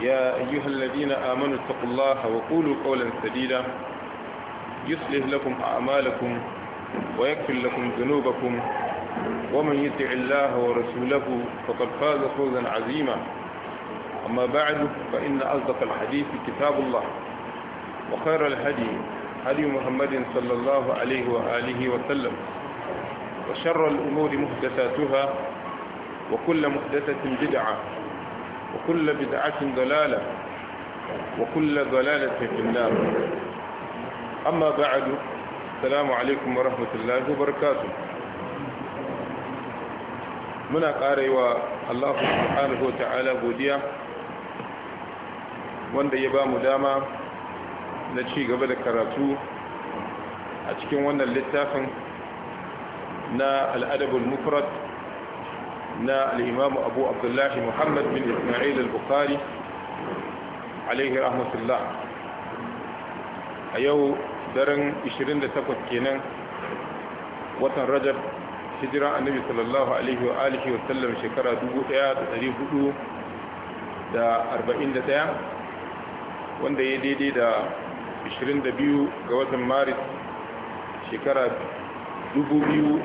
يا أيها الذين آمنوا اتقوا الله وقولوا قولا سديدا يصلح لكم أعمالكم ويكفر لكم ذنوبكم ومن يطع الله ورسوله فقد فاز فوزا عظيما أما بعد فإن أصدق الحديث كتاب الله وخير الهدي هدي محمد صلى الله عليه وآله وسلم وشر الأمور محدثاتها وكل محدثة بدعة وكل بدعة ضلالة وكل ضلالة في النار أما بعد السلام عليكم ورحمة الله وبركاته muna karewa Allah subhanahu ta'ala godiya wanda ya ba mu dama na ci gaba da karatu a cikin wannan littafin na al'adabul mufrad na al'imamu abu abdullahi muhammad bin ismail al-bukhari a yau daren 28 kenan watan rajab hijira annabi a alaihi wa alihi wa sallam shekara 1441 wanda ya daidai da 22 ga watan maris shekara 2020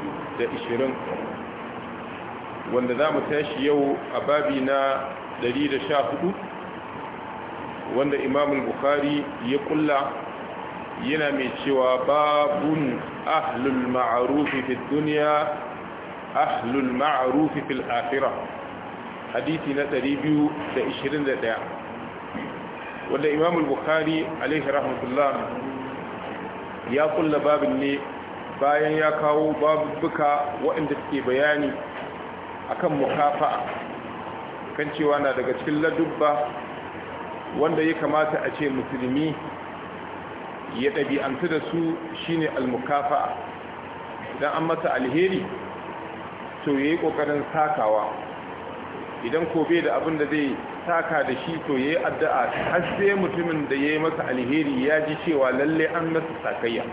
wanda za mu tashi yau a babi na 114 wanda imam bukhari ya kulla yana mai cewa babun ahlul ma'arufi fi duniya ahlul ma'arufi fil akhirah hadisi na 221 wanda imam bukhari alaihi rahmatullah ya kulla babin ne bayan ya kawo babuka waɗanda suke bayani akan mukafa'a kan cewa na daga cikin ladubba wanda ya kamata a ce musulmi ya ɗabi'antu da su shine almukafa'a idan an masa alheri to ya yi ƙoƙarin sakawa idan ko bai da abin da zai saka da shi to ya yi addu'a har sai mutumin da ya yi masa alheri ya ji cewa lalle an masa sakayya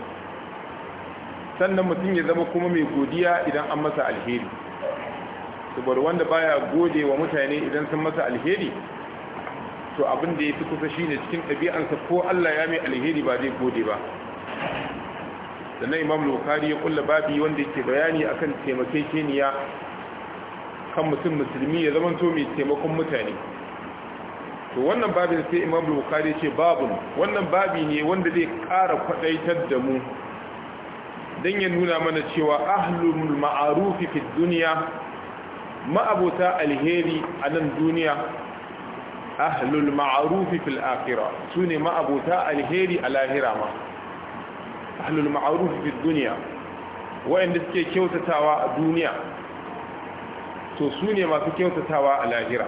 sannan mutum ya zama kuma mai godiya idan an masa alheri saboda wanda baya gode wa mutane idan sun masa alheri to abin da ya fi kusa shi shine cikin ɗabi'ansa ko Allah ya mai alheri ba zai gode ba sannan imam bukari ya kulla babi wanda yake bayani a akan taimakekeniya kan mutum musulmi ya zama to mai taimakon mutane to wannan babin sai imam bukari ce babun wannan babi ne wanda zai ƙara kwaɗaitar da mu don ya nuna mana cewa ahlul ma'arufi fi duniya ma'abota alheri a nan duniya ahlul ma'arufi fil akhira su ne ma'abota alheri a lahira ma ahlul ma'arufi fil duniya wa'inda suke kyautatawa a duniya to su ne masu kyautatawa a lahira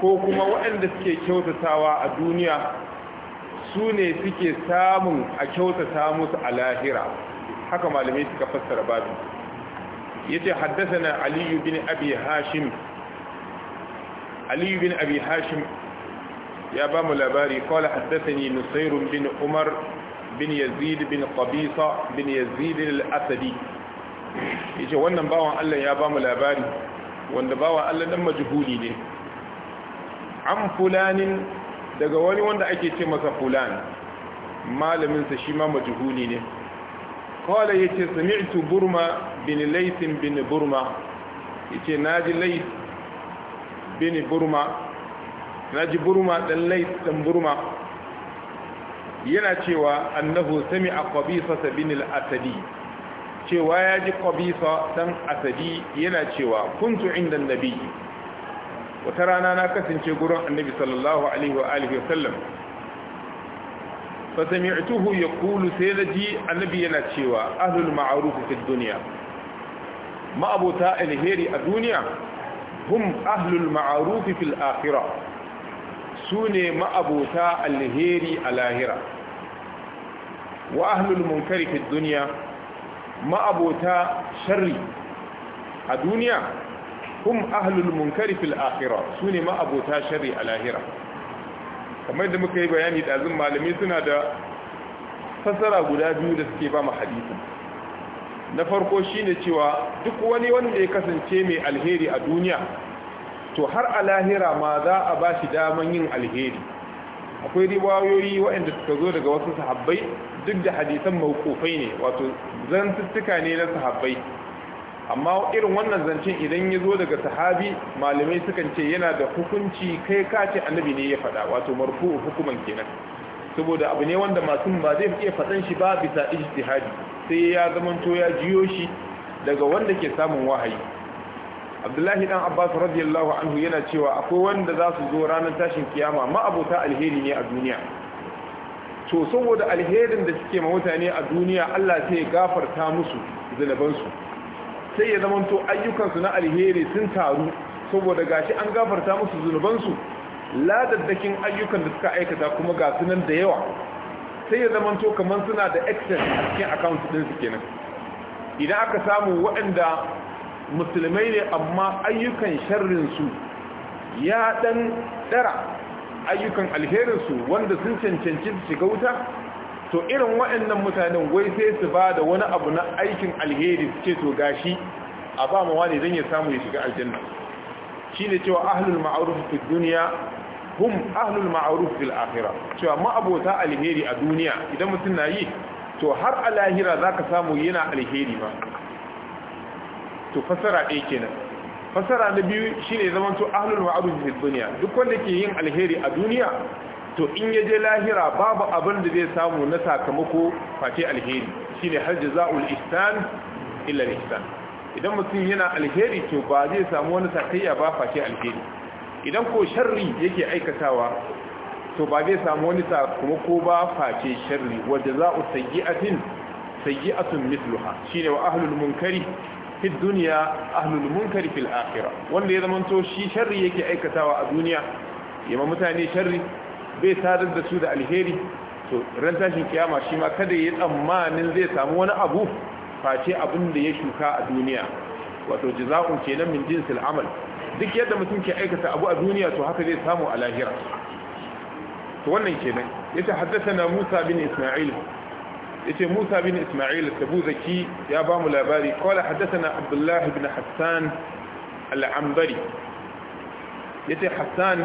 ko kuma wa'inda suke kyautatawa a duniya su ne suke samun a kyautata musu a lahira haka malamai suka fassara babu yace haddathana ali bin abi hashim ali bin abi hashim ya ba mu labari qala haddathani nusayr bin umar bin yazid bin qabisa bin yazid al-asadi yace wannan bawan Allah ya ba mu labari wanda bawan Allah dan majhuli ne an fulanin daga wani wanda ake ce masa fulan malaminsa shi ma majhuli ne kawai ya ce sami'tu burma bin laysin bin burma yace naji lais bin burma naji burma dan lays dan burma yana cewa annahu sami'a qabisa bin al-asadi cewa ya ji qabisa dan asadi yana cewa kuntu inda nabi wata rana na kasance gurin annabi sallallahu alaihi wa alihi wasallam fa sami'tuhu yaqulu sai da ji annabi yana cewa ahlul ma'ruf fi dunya ma'abota alheri a duniya hum ahlul ma'arufi fil akhira Sune ne ma'abota alheri a lahira wa ahlul munkari fil duniya ma'abota sharri a duniya hum ahlul munkari fil akhira Sune ne ma'abota sharri a lahira kamar da muka yi bayani ɗazin malamai suna da fassara guda biyu da suke ba mu hadisi na farko shine cewa duk wani wanda ya kasance mai alheri a duniya to har a lahira ma za a ba shi daman yin alheri akwai riwayoyi waɗanda suka zo daga wasu sahabbai duk da hadisan maukofai ne wato zantuttuka ne na sahabbai amma irin wannan zancen idan ya zo daga sahabi malamai sukan ce yana da hukunci kai kace annabi ne ya faɗa wato marfu hukuman kenan saboda abu ne wanda masu ba zai iya faɗan shi ba bisa ijtihadi sai ya zamanto ya jiyo shi daga wanda ke samun wahayi abdullahi dan abbas radiyallahu anhu yana cewa akwai wanda za su zo ranar tashin kiyama ma'abota alheri ne a duniya to saboda alherin da suke ma mutane a duniya allah sai ya gafarta musu zunubansu sai ya zamanto ayyukansu na alheri sun taru saboda gashi an gafarta musu zunubansu ladaddakin ayyukan da suka aikata kuma ga sunan da yawa sai ya zama to kamar suna da excess a cikin account din su kenan idan aka samu waɗanda musulmai ne amma ayyukan sharrin su ya dan dara ayyukan alherin su wanda sun cancanci su shiga wuta to irin waɗannan mutanen wai sai su ba da wani abu na aikin alheri su ce to gashi a ba mawa ne don ya samu ya shiga aljanna shi ne cewa ahlul ma'aruf fi duniya hum ahlul ma'ruf fil akhirah cewa abota alheri a duniya idan mutum na yi to har a lahira zaka samu yana alheri ba to fasara ɗaya kenan fasara na biyu shine zaman to ahlul ma'ruf fil dunya duk wanda ke yin alheri a duniya to in ya je lahira babu abin da zai samu na sakamako face alheri shine har jazaul ihsan illa ihsan idan mutum yana alheri to ba zai samu wani sakayya ba face alheri idan ko sharri yake aikatawa to ba zai samu wani ko ba face sharri wa jaza'u sayyi'atin sayyi'atun mithluha shine wa ahlul munkari fi dunya ahlul munkari fil akhirah wanda ya zamanto shi sharri yake aikatawa a duniya yamma mutane sharri bai sadar da su da alheri to ran tashin kiyama shi ma kada ya tsammanin zai samu wani abu face abin da ya shuka a duniya wato jaza'un kenan min jinsil amal duk yadda mutum ke aikata abu a duniya to haka zai samu a lahira to wannan kenan yace haddathana Musa bin Isma'il yace Musa bin Isma'il Tabuzaki ya ba mu labari qala haddathana Abdullah bin Hassan al-Ambari yace Hassan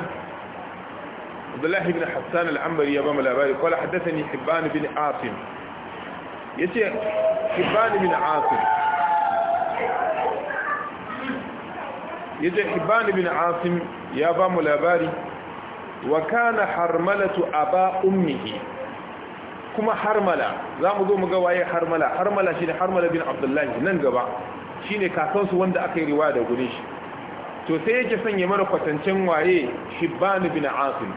Abdullah bin Hassan al-Ambari ya ba mu labari qala haddathani Hibban bin Asim yace Hibban bin Asim ya ce ibani bin asim ya ba mu labari wa kana harmalatu aba ummihi kuma harmala za mu zo mu ga waye harmala harmala shi ne harmala bin abdullahi nan gaba shi ne kakansu wanda aka yi riwa da guri shi to sai yake sanya mara kwatancen waye shibbani bin asim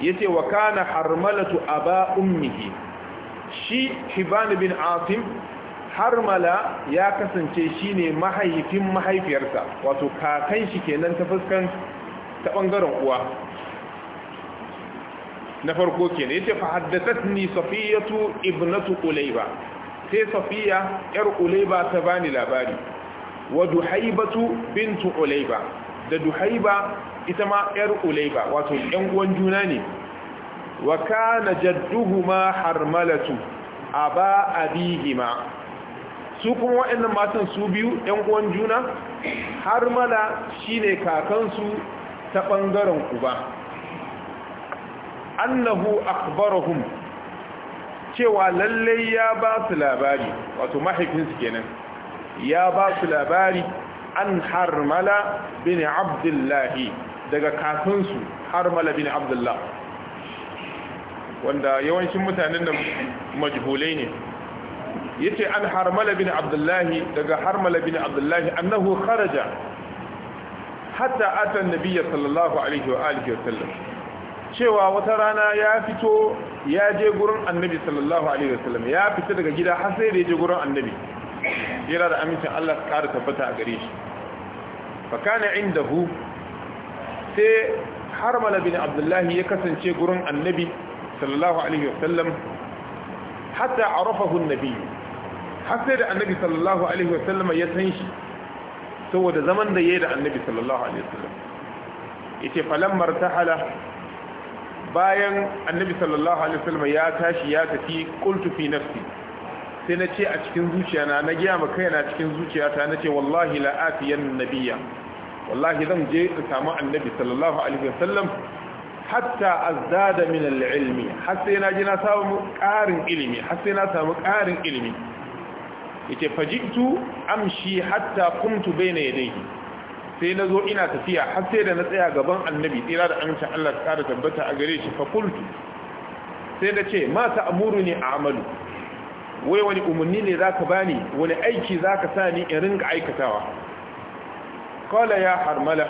ya ce wa kana harmalatu aba ummihi shi shibbani bin asim harmala ya kasance shine mahaifin mahaifiyarsa wato kakan shi kenan ta fuskan ta bangaren uwa na farko kenan yace fa haddathatni safiyatu ibnatu ulaiba sai safiya yar ulaiba ta bani labari wa duhaibatu bintu ulaiba da duhaiba ita ma yar ulaiba wato yan uwan juna ne wa kana jadduhuma harmalatu aba abihima su kuma waɗannan matan su biyu ‘yan uwan juna har mala shi ne kakansu ta ɓangaren uba annahu akbarahum cewa lallai ya ba su labari wato mahaifinsu kenan ya ba su labari an harmala bin abdullahi daga kakansu harmala bin abdullahi wanda yawancin mutanen da majhulai ne yace an harmala bin abdullahi daga harmala bin abdullahi annahu kharaja hatta ata nabiyya sallallahu alaihi wa alihi wa sallam cewa wata rana ya fito ya je gurin annabi sallallahu alaihi wa sallam ya fita daga gida har sai da ya je gurin annabi yana da amincin Allah kara tabbata a gare shi fa kana indahu sai harmala bin abdullahi ya kasance gurin annabi sallallahu alaihi wa sallam hatta arafahu annabi har sai da annabi sallallahu alaihi wa wasallam ya san shi saboda zaman da yayi da annabi sallallahu alaihi wa wasallam yace falammar tahala bayan annabi sallallahu alaihi wa wasallam ya tashi ya tafi qultu fi nafsi sai ce a cikin zuciya na giya ma kaina cikin zuciya ta zuciyata nace wallahi la atiyan nabiyya wallahi zan je in samu annabi sallallahu alaihi wa wasallam hatta azdada min al-ilmi har sai na ji na samu ƙarin ilimi har sai na samu ƙarin ilimi yace fajitu amshi hatta qumtu ya yadayhi sai na zo ina tafiya har sai da na tsaya gaban annabi tsira da amincin Allah ta tabbata a gare shi fakultu sai da ce ma ta amuru ne a amalu wai wani umarni ne za ka bani wani aiki za ka sa ni in ringa aikatawa Kola ya harmala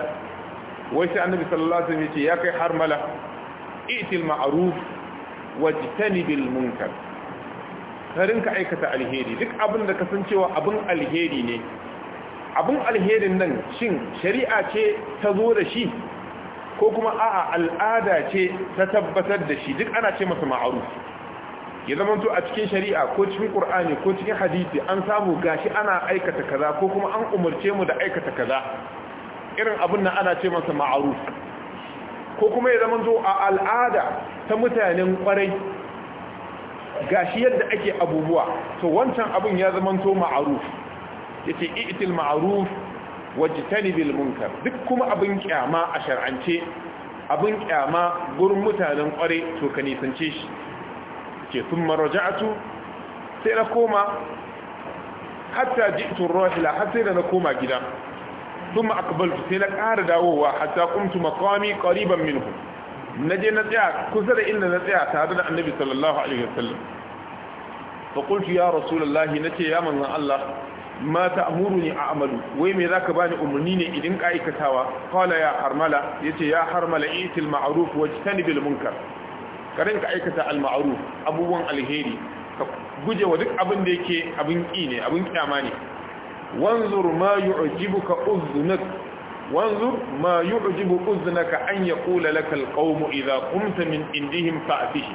wai sai annabi sallallahu alaihi wasallam ya kai harmala itil ma'ruf wajtanibil munkar ka aikata alheri duk abin da ka san cewa abin alheri ne abin alherin nan shin shari'a ce ta zo da shi ko kuma a'a al'ada ce ta tabbatar da shi duk ana ce masa ma'aruf ya zamanto a cikin shari'a ko cikin qur'ani ko cikin hadisi an samu gashi ana aikata kaza ko kuma an umarce mu da aikata kaza irin abin nan ana ce masa ma'aruf ko kuma ya zamanto a al'ada ta mutanen kwarai gashi yadda ake abubuwa to wancan abun ya zamanto ma'aruf yace i'til ma'aruf wajtanibil munkar duk kuma abin kyama a shar'ance abin kyama gurin mutanen kware to ka nisance shi ke thumma raja'tu sai na koma hatta ji'tu rahila hatta da na koma gida thumma aqbaltu sai na ƙara dawowa hatta qumtu maqami qariban minhu na je na tsaya kusa da inda na tsaya tare da annabi sallallahu alaihi wasallam fa qultu ya rasulullahi nace ya manzon Allah ma ta'muruni a'malu wai me zaka bani umarni ne idan ka aikatawa qala ya harmala yace ya harmala itil ma'ruf wajtanibil munkar karin ka aikata al ma'ruf abubuwan alheri ka guje wa duk abin da yake abin ki ne abin kyama ne wanzur ma yu'jibuka uznak Wanzu ma yu'jibu uznaka an yaqula laka alqawmu idha qumta min indihim fa'tihi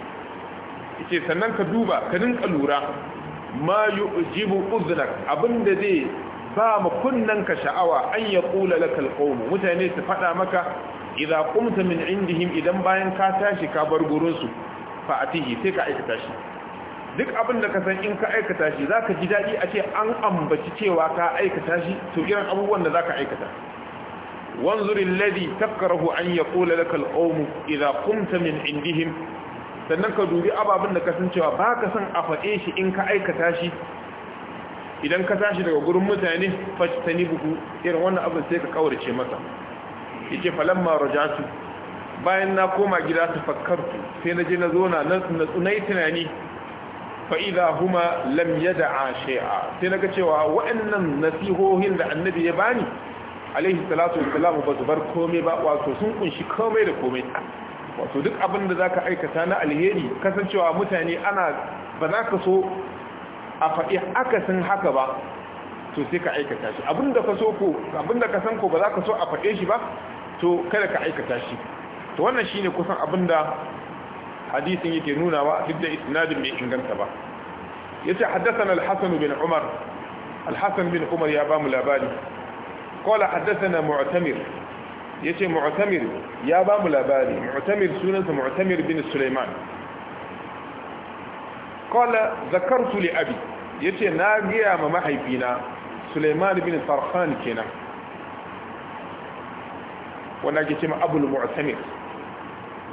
yace sannan ka duba ka rinka lura ma yu'jibu uznak abinda zai ba mu kunnanka sha'awa an yaqula laka alqawmu mutane su fada maka idza qumta min indihim idan bayan ka tashi ka bar gurin sai ka aikata shi duk abin da ka san in ka aikata shi zaka ji daɗi a ce an ambaci cewa ka aikata shi to irin abubuwan da zaka aikata وانظر الذي تكره أن يقول لك القوم إذا قمت من عندهم sannan ka dubi ababin da ka san cewa ba ka san a faɗe shi in ka aikata shi idan ka tashi daga gurin mutane fajtani buku irin wannan abin sai ka kaurace masa yace falamma rajatu bayan na koma gida su fakkartu sai na je na zo na tsunai tunani fa'iza huma lam yada a sai na ga cewa waɗannan nasihohin da annabi ya bani alaihi salatu wassalam ba zubar komai ba wato sun kunshi komai da komai wato duk abin da zaka aikata na alheri kasancewa mutane ana ba za ka so a faɗi akasin haka ba to sai ka aikata shi abin da ka so ko abin da ka san ko ba za ka so a faɗe shi ba to kada ka aikata shi to wannan shine kusan abin da hadisin yake nuna ba duk da isnadin bai inganta ba yace haddathana al-hasan bin umar al-hasan bin umar ya ba mu labari qala haddathana mu'tamir yace mu'tamir ya ba mu labari mu'tamir sunansa mu'tamir bin sulaiman qala zakartu li abi yace na giya ma mahaifina sulaiman bin farhan kenan wanda ke ma abul mu'tamir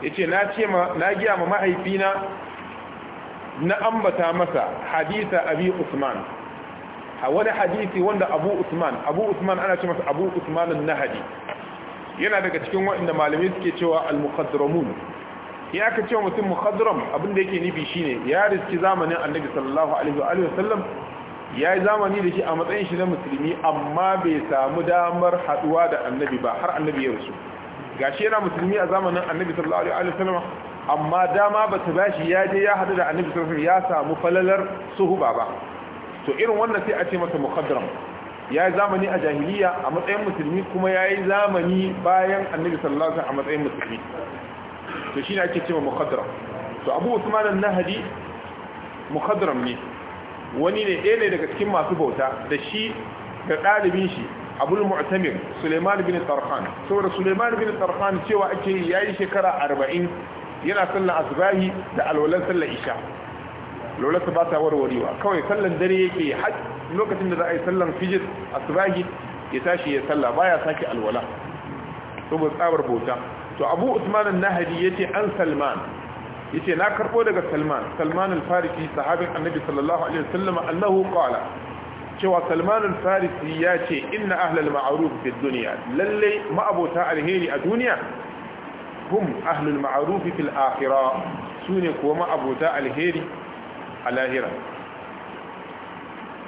yace na ce ma na ma mahaifina na ambata masa hadisa abi usman wani hadisi wanda abu usman abu usman ana ce masa abu usman al nahdi yana daga cikin wanda malamai suke cewa al-muqaddaramun ya aka cewa mutum muqaddaram abin da yake nufi shine ya riski zamanin annabi sallallahu alaihi wa sallam, ya yi zamani da shi a matsayin shi na musulmi amma bai samu damar haduwa da annabi ba har annabi ya rusu gashi yana musulmi a zamanin annabi sallallahu alaihi wa sallam amma dama ba ta bashi ya je ya hadu da annabi sallallahu alaihi wa sallam ya samu falalar suhuba ba to irin wannan sai a ce masa muqaddam ya yi zamani a jahiliya a matsayin musulmi kuma ya yi zamani bayan annabi sallallahu alaihi a matsayin musulmi to shi ne ake cewa muqaddam to abu usman an-nahdi muqaddam ne wani ne ɗaya ne daga cikin masu bauta da shi da ɗalibin shi abul mu'tamir suleiman bin tarhan saboda suleiman bin tarhan cewa ake yayi shekara 40 yana sallar asbahi da alwalan sallar isha lolarsa ba ta warwarewa kawai sallan dare yake har lokacin da za a yi sallan fijir asbahi ya tashi ya salla baya sake alwala saboda tsabar bauta to abu usman an ya yace an salman yace na karbo daga salman salman al-farisi sahabin annabi sallallahu alaihi wasallam annahu qala cewa salman al-farisi ce inna ahlal ma'ruf fi dunya lalle ma'abota alheri a duniya hum ahlul ma'ruf fil akhirah sune kuma ma'abota alheri a lahira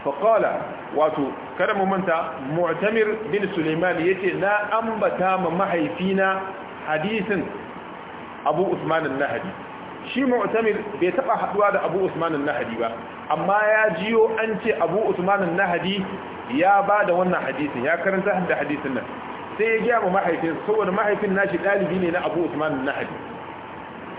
faƙala wato kada mu manta mu'tamir bin suleiman ya ce na ambata ma mahaifina hadisin abu usmanin nahadi shi mu'tamir bai taɓa haɗuwa da abu usmanin nahadi ba amma ya jiyo an ce abu usmanin nahadi ya ba da wannan hadisin ya karanta da hadisin nan sai ya gya ma mahaifin saboda mahaifin nashi ɗalibi ne na abu usmanin nahadi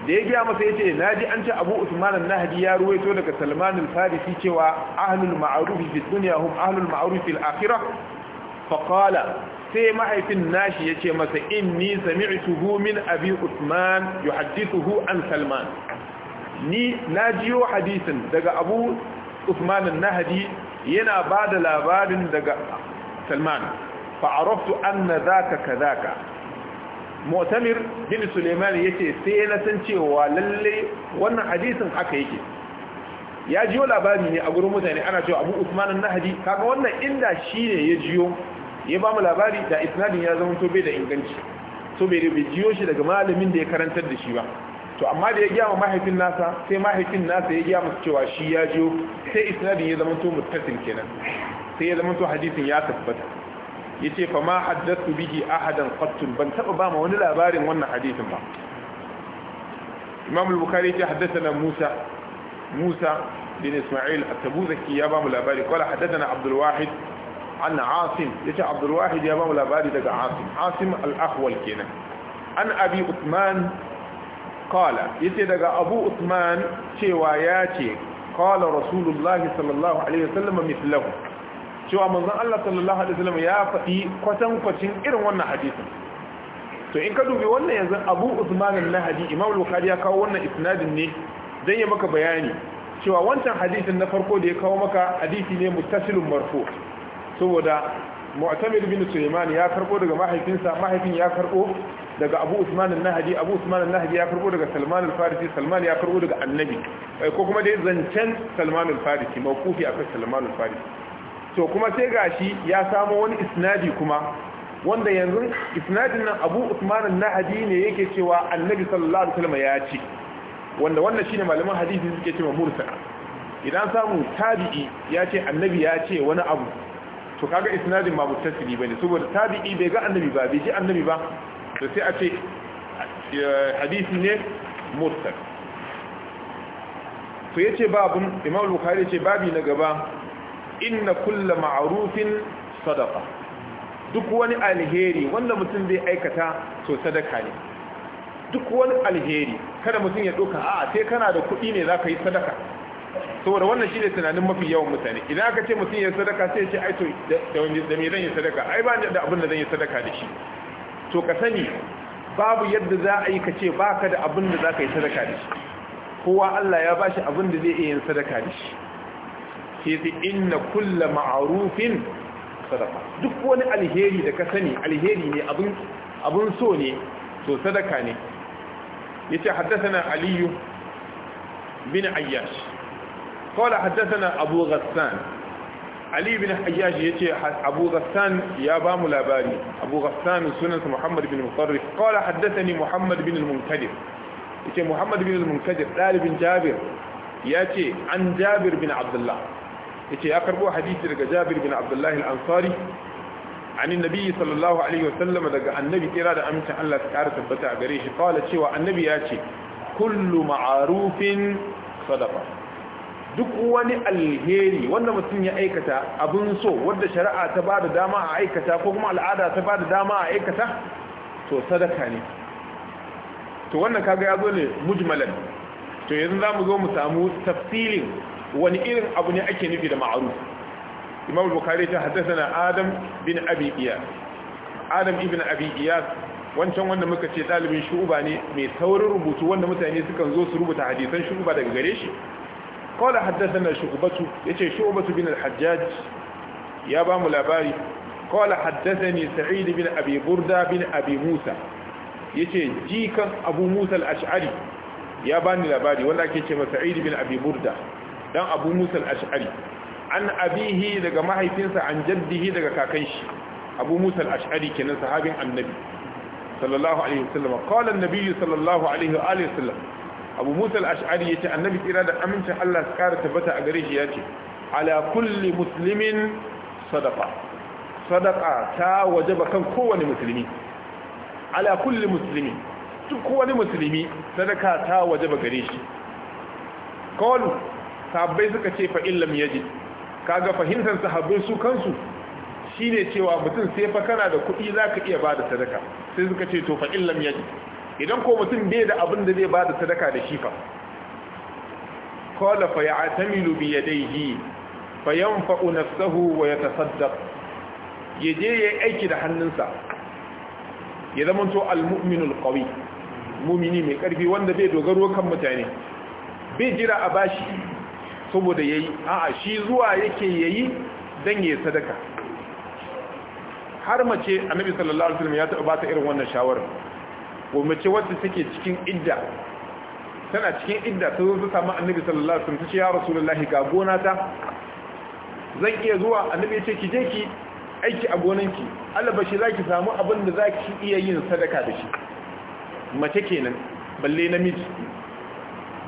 da ya gaya masa yace na ji an ce abu usman an-nahdi ya ruwaito daga salman al-farisi cewa ahlul ma'ruf fi dunya hum ahlul ma'ruf fil akhirah fa qala sai mahaifin nashi yace masa inni sami'tuhu min abi usman yuhaddithuhu an salman ni na jiyo hadisin daga abu usman an-nahdi yana bada labarin daga salman fa araftu anna dhaka kadhaka mu'tamir bin suleiman ce sai na san cewa lallai wannan hadisin haka yake ya jiyo labari ne a gurin mutane ana cewa abu usman an-nahdi kaga wannan inda shi ne ya jiyo ya ba mu labari da isnadin ya zama to bai da inganci so bai bai jiyo shi daga malamin da ya karantar da shi ba to amma da ya giya ma mahaifin nasa sai mahaifin nasa ya giya masa cewa shi ya jiyo sai isnadin ya zama to muttasil kenan sai ya zama to hadisin ya tabbata yace fa ma haddathu bihi ahadan qattun ban taba ba ma wani labarin wannan hadisin ba Imam al-Bukhari ya na Musa Musa bin Isma'il at-Tabuzaki ya ba mu labari kala haddathana Abdul Wahid an Asim yace Abdul Wahid ya ba mu labari daga Asim Asim al-Ahwal kenan an Abi Uthman ya yace daga Abu Uthman cewa yace qala Rasulullahi sallallahu alaihi wasallam mithlahu cewa manzon Allah sallallahu alaihi wasallam ya faɗi kwatankwacin irin wannan hadisin to in ka dubi wannan yanzu Abu Usman al-Nahdi Imam al Bukhari ya kawo wannan isnadin ne dan ya maka bayani cewa wancan hadisin na farko da ya kawo maka hadisi ne muttasilun marfu saboda Mu'tamir bin Sulaiman ya karbo daga mahaifinsa mahaifin ya karbo daga Abu Usman al-Nahdi Abu Usman al-Nahdi ya karbo daga Salman al-Farisi Salman ya karbo daga Annabi ko kuma dai zancen Salman al-Farisi mawqufi akan Salman al-Farisi to kuma sai gashi ya samo wani isnadi kuma wanda yanzu isnadin nan Abu Usman al nahdi ne yake cewa Annabi sallallahu alaihi wasallam ya ce wanda wannan shine malaman hadisi suke cewa mursal idan samu tabi'i ya ce annabi ya ce wani abu to kaga isnadin ma mutasili bane saboda tabi'i bai ga annabi ba bai ji annabi ba to sai a ce eh, hadisi ne mursal to yace babun Imam Bukhari ce babi na gaba inna kulla ma'arufin sadaka duk wani alheri wanda mutum zai aikata to sadaka ne duk wani alheri kada mutum ya ɗauka a sai kana da kuɗi ne za ka yi sadaka saboda wannan shi ne tunanin mafi yawan mutane idan aka ce mutum ya sadaka sai ce ai to da me zan yi sadaka ai ba da abin da zan yi sadaka da shi to ka sani babu yadda za a yi ka ce ba ka da abin da za ka yi sadaka da shi kowa Allah ya bashi abin da zai iya yin sadaka da shi sai sai inna kulla ma'arufin sadaka duk wani alheri da ka sani alheri ne abin so ne so sadaka ne yace haddathana aliyu bin ayyash qala haddathana abu ghassan ali bin ayyash yace abu ghassan ya ba mu labari abu ghassan sunan muhammad bin mutarrif qala haddathani muhammad bin al-munkadir yace muhammad bin al-munkadir dalibin jabir yace an jabir bin abdullah yace ya karbo hadisi daga Jabir bin Abdullah al-Ansari عن النبي صلى الله عليه وسلم دغ النبي كيرا دا امتن tabbata a gare shi. شي la cewa annabi ya ce kullu ma'arufin sadaqa duk wani alheri wanda mutum ya aikata abun so wanda shari'a ta bada dama a aikata ko kuma al'ada ta bada dama a aikata to sadaka ne to wannan kaga ya zo ne mujmalan to yanzu zamu zo mu samu tafsilin wani irin abu ne ake nufi da ma'aru imam bukari ta haddasa adam bin abigiya adam ibn abigiya wancan wanda muka ce dalibin shuba ne mai saurin rubutu wanda mutane sukan zo su rubuta hadisan shuba daga gare shi kawai da haddasa na shugubatu ya ce shugubatu bin alhajjaj ya ba mu labari kawai da haddasa ne sa'id bin abi burda bin abi musa ya ce jikan abu musa Al al'ash'ari ya bani labari wanda ake ce masa sa'id bin abi burda dan abu musa al-ash'ari an abihi daga mahaifinsa an jaddihi daga kakan shi abu musa al-ash'ari kenan sahabin annabi sallallahu alaihi wasallam qala an-nabi sallallahu alaihi wa alihi wasallam abu musa al-ash'ari yace annabi tsira da amincin Allah su kara tabbata a gare shi yace ala kulli musulmin sadaka. Sadaka ta wajaba kan kowane musulmi ala kulli muslimi duk wani musulmi sadaka ta waje ba gare shi qalu sahabbai suka ce fa illam yaji kaga fahimtar sahabbai su kansu shine cewa mutum sai fa kana da kuɗi zaka iya bada sadaka sai suka ce to fa illam yaji idan ko mutum bai da abin da zai bada sadaka da shi fa qala fa ya'tamilu bi yadayhi fa yanfa'u nafsahu wa yatasaddaq yaje yayi aiki da hannunsa ya zama to almu'minul qawi mumini mai karfi wanda bai dogaro kan mutane bai jira a bashi saboda yayi a'a shi zuwa yake yayi dan yayi sadaka har mace annabi sallallahu alaihi wasallam ya taɓa ba ta irin wannan shawara ko mace wacce take cikin idda tana cikin idda ta zo ta samu annabi sallallahu alaihi wasallam ta ce ya rasulullahi ga gona ta zan iya zuwa annabi ya ce ki je ki aiki a gonanki ba shi zaki samu abin da zaki iya yin sadaka da shi mace kenan balle namiji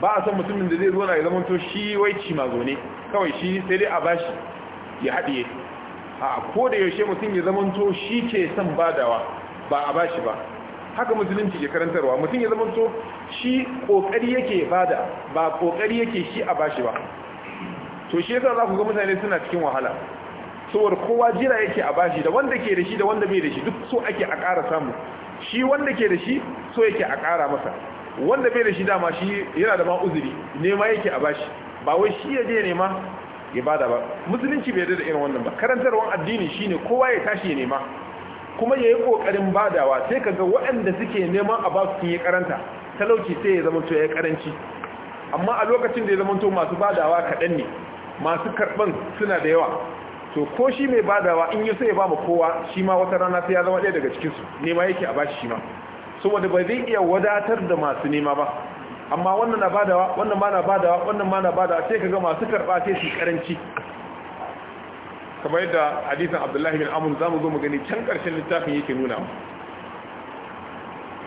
ba a san mutumin da zai zo na ya zama to shi wai ci mazo ne kawai shi sai dai a bashi ya haɗiye a ko da yaushe mutum ya zama to shi ke son badawa ba a bashi ba haka musulunci ke karantarwa mutum ya zama to shi kokari yake bada ba kokari yake shi a bashi ba to shi yasa za ku ga mutane suna cikin wahala saboda kowa jira yake a bashi da wanda ke da shi da wanda bai da shi duk so ake a ƙara samu shi wanda ke da shi so yake a ƙara masa wanda bai da shi dama shi yana da ma uzuri nema yake a bashi ba wai shi ya je nema ya bada ba musulunci bai da irin wannan ba karantarwar addini shine kowa ya tashi ya nema kuma ya kokarin badawa sai kaga waɗanda suke neman a basu sun yi karanta talauci sai ya zama to ya karanci amma a lokacin da ya zama to masu badawa kaɗan ne masu karban suna da yawa to ko shi mai badawa in yi sai ya ba mu kowa shi ma wata rana sai ya zama ɗaya daga cikin cikinsu nema yake a bashi shi ma saboda ba zai iya wadatar da masu nema ba amma wannan na badawa wannan ma na badawa wannan ma na badawa sai kaga masu karba sai su karanci kamar yadda hadisin Abdullahi bin Amr zamu zo mu gani can karshen littafin yake nuna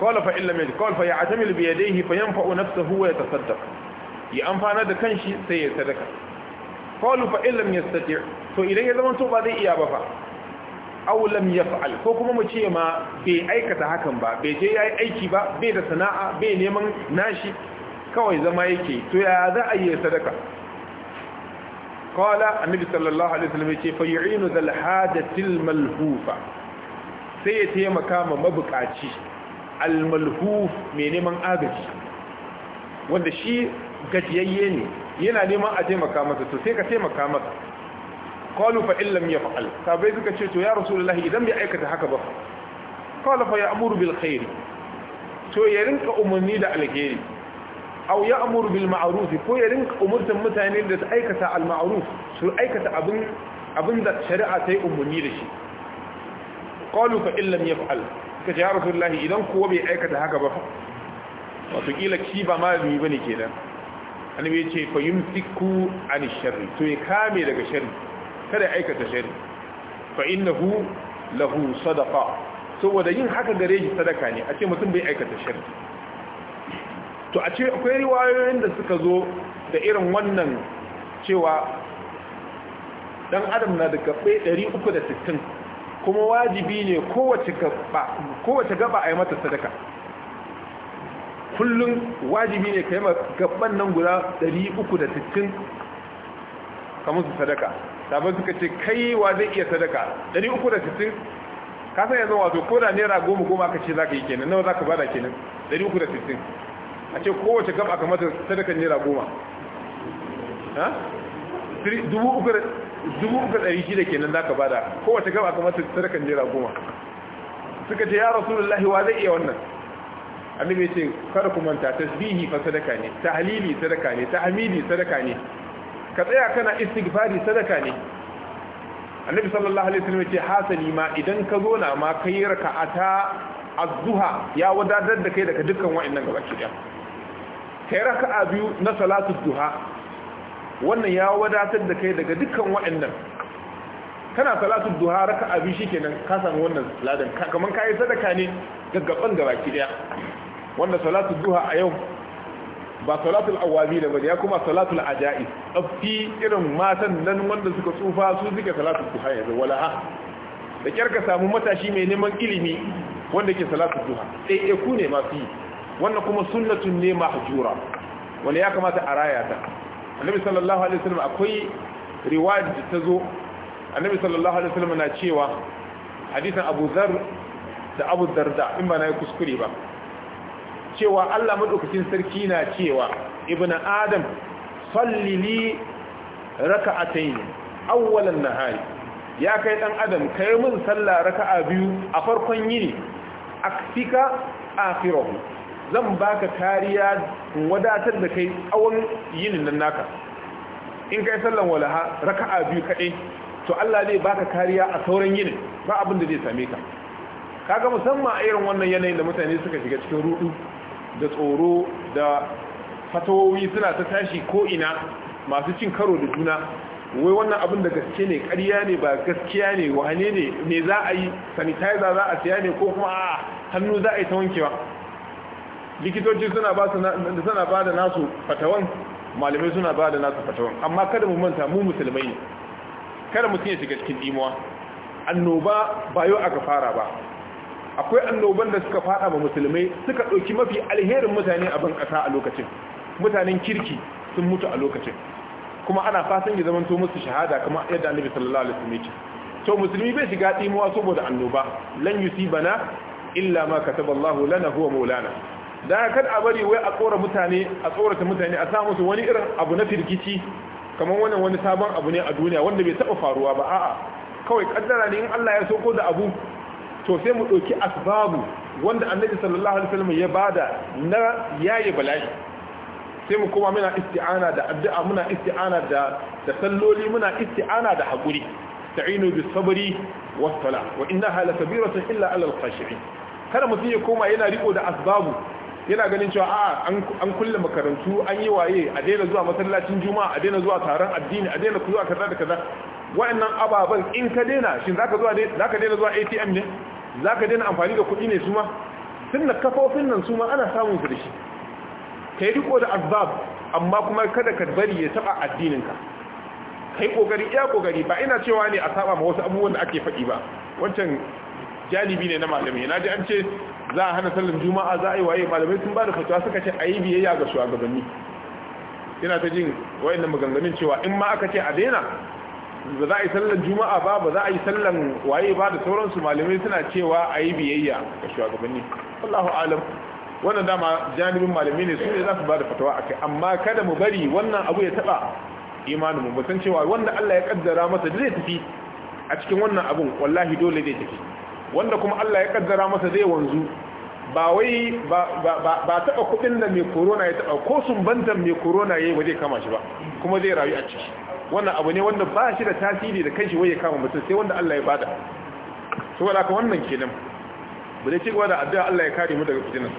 qala fa illam yajid qala fa ya'tamil bi yadayhi fa yanfa'u nafsuhu wa yatasaddaq ya amfana da kanshi sai ya sadaka qala fa illam yastati' to idan ya zama to ba zai iya ba fa Aulan ya fa'al ko kuma mu ce ma bai aikata hakan ba bai je yayi aiki ba bai da sana'a bai neman nashi kawai zama yake to ya za a yi sadaka qala annabi sallallahu alaihi wasallam ce fa zalhadatil zal hadatil malhufa sai ya taimaka ma mabukaci al malhuf mai neman agaji wanda shi gajiyayye ne yana neman a taimaka masa to sai ka taimaka masa qalu fa illam yaf'al sabai suka ce to ya rasulullahi idan bai aikata haka ba qala fa ya'muru bil khair to ya rinka umarni da alheri aw ya'muru bil ma'ruf ko ya rinka umurtan mutane da su aikata al ma'ruf su aikata abin abin da shari'a ta yi umarni da shi qalu fa illam yaf'al kace ya rasulullahi idan kuwa bai aikata haka ba wato kila shi ba malami bane kenan annabi ya ce fa yumsiku an sharri to ya kame daga sharri kada aikata shari fa innahu lahu sadaqa saboda yin haka gare shi sadaka ne a ce mutum bai aikata shari to a ce akwai riwayoyin da suka zo da irin wannan cewa dan adam na da gabbe 360 kuma wajibi ne kowace gaba kowace gaba a yi mata sadaka kullum wajibi ne kai gaban nan guda 360 kamar sadaka sabon suka ce kai wa zai iya sadaka uku da sittin? ka san yanzu wato ko da naira goma goma aka ce za ka yi kenan nawa za ka bada kenan uku da sittin? a ce kowace gaba aka mata sadakan naira goma ha dubu uku ɗari da kenan za ka bada kowace gaba aka mata sadakan naira goma suka ce ya rasulullahi wa zai iya wannan annabi ya ce kada ku manta tasbihi fa sadaka ne tahlili sadaka ne tahmidi sadaka ne ka tsaya kana istighfari sadaka ne annabi sallallahu alaihi wasallam ce hasali ma idan ka zo na ma kai raka'ata az-zuha ya wadatar da kai daga dukkan wa'annan gaba ki da kai raka'a biyu na salatu duha wannan ya wadatar da kai daga dukkan wa'annan kana salatu duha raka'a biyu shikenan ka samu wannan ladan kaman kai sadaka ne gaggaban gaba ki da wanda salatu duha a yau ba salatul awami da bane ya kuma salatul aja'i tsaffi irin matan nan wanda suka tsufa su suke salatul duha yanzu wala ha da kyar ka samu matashi mai neman ilimi wanda ke salatul duha sai ku ne masu yi wannan kuma sunnatun ne mahjura wala ya kamata a raya ta annabi sallallahu alaihi wasallam akwai riwaya da ta zo annabi sallallahu alaihi wasallam na cewa hadisan Abu zar da Abu Darda in ba na yi kuskure ba cewa Allah madaukakin sarki na cewa ibn adam salli li awwal an nahari ya kai dan adam kai mun sallah raka'a biyu a farkon yini aksika akhirahu zan baka kariya wadatar da kai awon yinin nan naka in kai sallan walaha raka'a biyu kadai to Allah zai baka kariya a sauran yini ba abin da zai same ka kaga musamman a irin wannan yanayin da mutane suka shiga cikin rudu da tsoro da fatawowi suna ta tashi ko'ina, masu cin karo da juna wai wannan abin da gaske ne ƙarya ne ba gaskiya ne wane ne me za a yi sanitizer za a siya ne ko kuma a hannu za a yi ta wankewa likitoci suna ba suna ba da nasu fatawan malamai suna ba da nasu fatawan amma kada mu manta mu musulmai ne kada mutum ya shiga cikin dimuwa annoba ba yau aka fara ba akwai annoban da suka fada ma musulmai suka ɗauki mafi alherin mutane a ban kasa a lokacin mutanen kirki sun mutu a lokacin kuma ana fatan ya zamanto musu shahada kamar yadda annabi sallallahu alaihi wasallam yake to musulmi bai shiga tsimuwa saboda annoba lan yusibana illa ma kataballahu lana huwa maulana da kada a bari wai a tsora mutane a tsorata mutane a sa musu wani irin abu na firgici kamar wannan wani sabon abu ne a duniya wanda bai taba faruwa ba a'a kawai kaddara ne in Allah ya sauko da abu to sai mu ɗauki asbabu wanda annabi sallallahu alaihi wasallam ya bada na yaye bala'i sai mu koma muna isti'ana da addu'a muna isti'ana da da salloli muna isti'ana da haƙuri ta'inu bis sabri was sala wa innaha la kabiratun illa alal khashi'in kada mutum ya koma yana riko da asbabu yana ganin cewa a an kulle makarantu an yi waye a daina zuwa masallacin juma'a a daina zuwa taron addini a daina zuwa kaza da kaza wa'annan ababen in ka dena shi za ka dena zuwa ATM ne Za ka dena amfani da kuɗi ne su ma tunda kafofin nan su ma ana samun su da shi kai riko da azab amma kuma kada ka bari ya taba addininka Ka yi kokari iya kokari ba ina cewa ne a saba ma wasu abubuwan da ake faɗi ba wancan jalibi ne na malami. na ji an ce za a hana sallin juma'a za a yi waye malamai sun ba da fatuwa suka ce a yi biyayya ga shugabanni ina ta jin wayannan maganganun cewa in ma aka ce a daina ba za a yi sallan juma'a ba ba za a yi sallan waye ba da sauransu malamai suna cewa a yi biyayya ga shugabanni wallahu alam wannan dama janibin malami ne su ne za su ba da fatawa a kai amma kada mu bari wannan abu ya taba imanin mu san cewa wanda Allah ya kaddara masa zai tafi a cikin wannan abun wallahi dole zai tafi wanda kuma Allah ya kaddara masa zai wanzu ba wai ba ba taba kudin da mai corona ya taba ko sumbantan mai corona yayi ba zai kama shi ba kuma zai rayu a ciki wannan abu ne wanda ba shi da tasiri da kanshi waye kama mutum sai wanda Allah ya bada saboda ka wannan kenan ba dai cigaba da addu'a Allah ya kare mu daga fitinan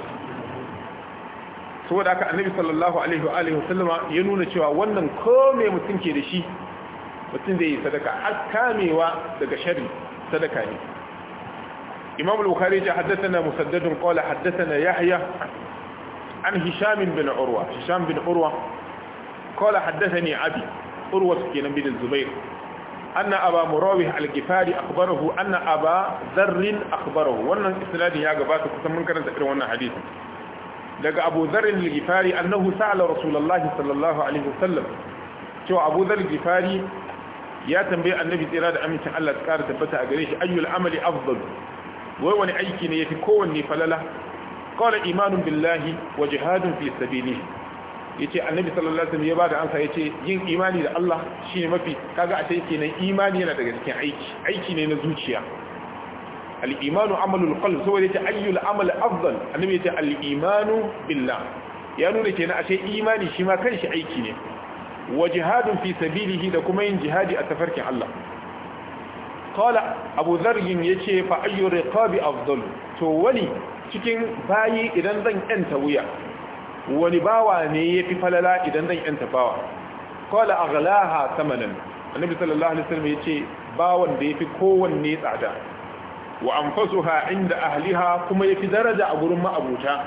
saboda ka annabi sallallahu alaihi wa alihi wasallama ya nuna cewa wannan ko me mutum ke da shi mutum zai yi sadaka har kamewa daga sharri sadaka ne imam al-bukhari ya haddathana musaddadun qala na yahya an hisham bin urwa hisham bin urwa qala haddathani abi urwatu kenan bin zubair anna aba murawih al-gifari akhbarahu anna aba dharr akhbarahu wannan isnadin ya gabata kusan mun karanta irin wannan hadisi daga abu dharr al-gifari annahu sa'ala rasulullah sallallahu alaihi wasallam cewa abu dharr al-gifari ya tambaye annabi tsira da amincin Allah ta kara tabbata a gare shi ayyul amali afdal wai wani aiki ne yafi kowanne falala qala imanun billahi wa jihadun fi sabilihi yace annabi sallallahu alaihi wasallam ya bada ansa yace yin imani da Allah shine mafi kaga a sai kenan imani yana daga cikin aiki aiki ne na zuciya al-imanu amalul qalb saboda yace ayyul amal afdal annabi yace al-imanu billah ya nuna kenan ashe imani shi ma kanshi aiki ne wa jihadun fi sabilihi da kuma yin jihadi a tafarkin Allah qala abu dharr yace fa ayyur riqabi afdal to wani cikin bayi idan zan yanta wuya wani bawa ne ya fi falala idan zan yanta bawa kawai sama samanin annabi sallallahu alaihi wasallam ya ce bawan da ya fi kowanne tsada wa anfasuha inda ahliha kuma ya fi daraja a gurin ma'abuta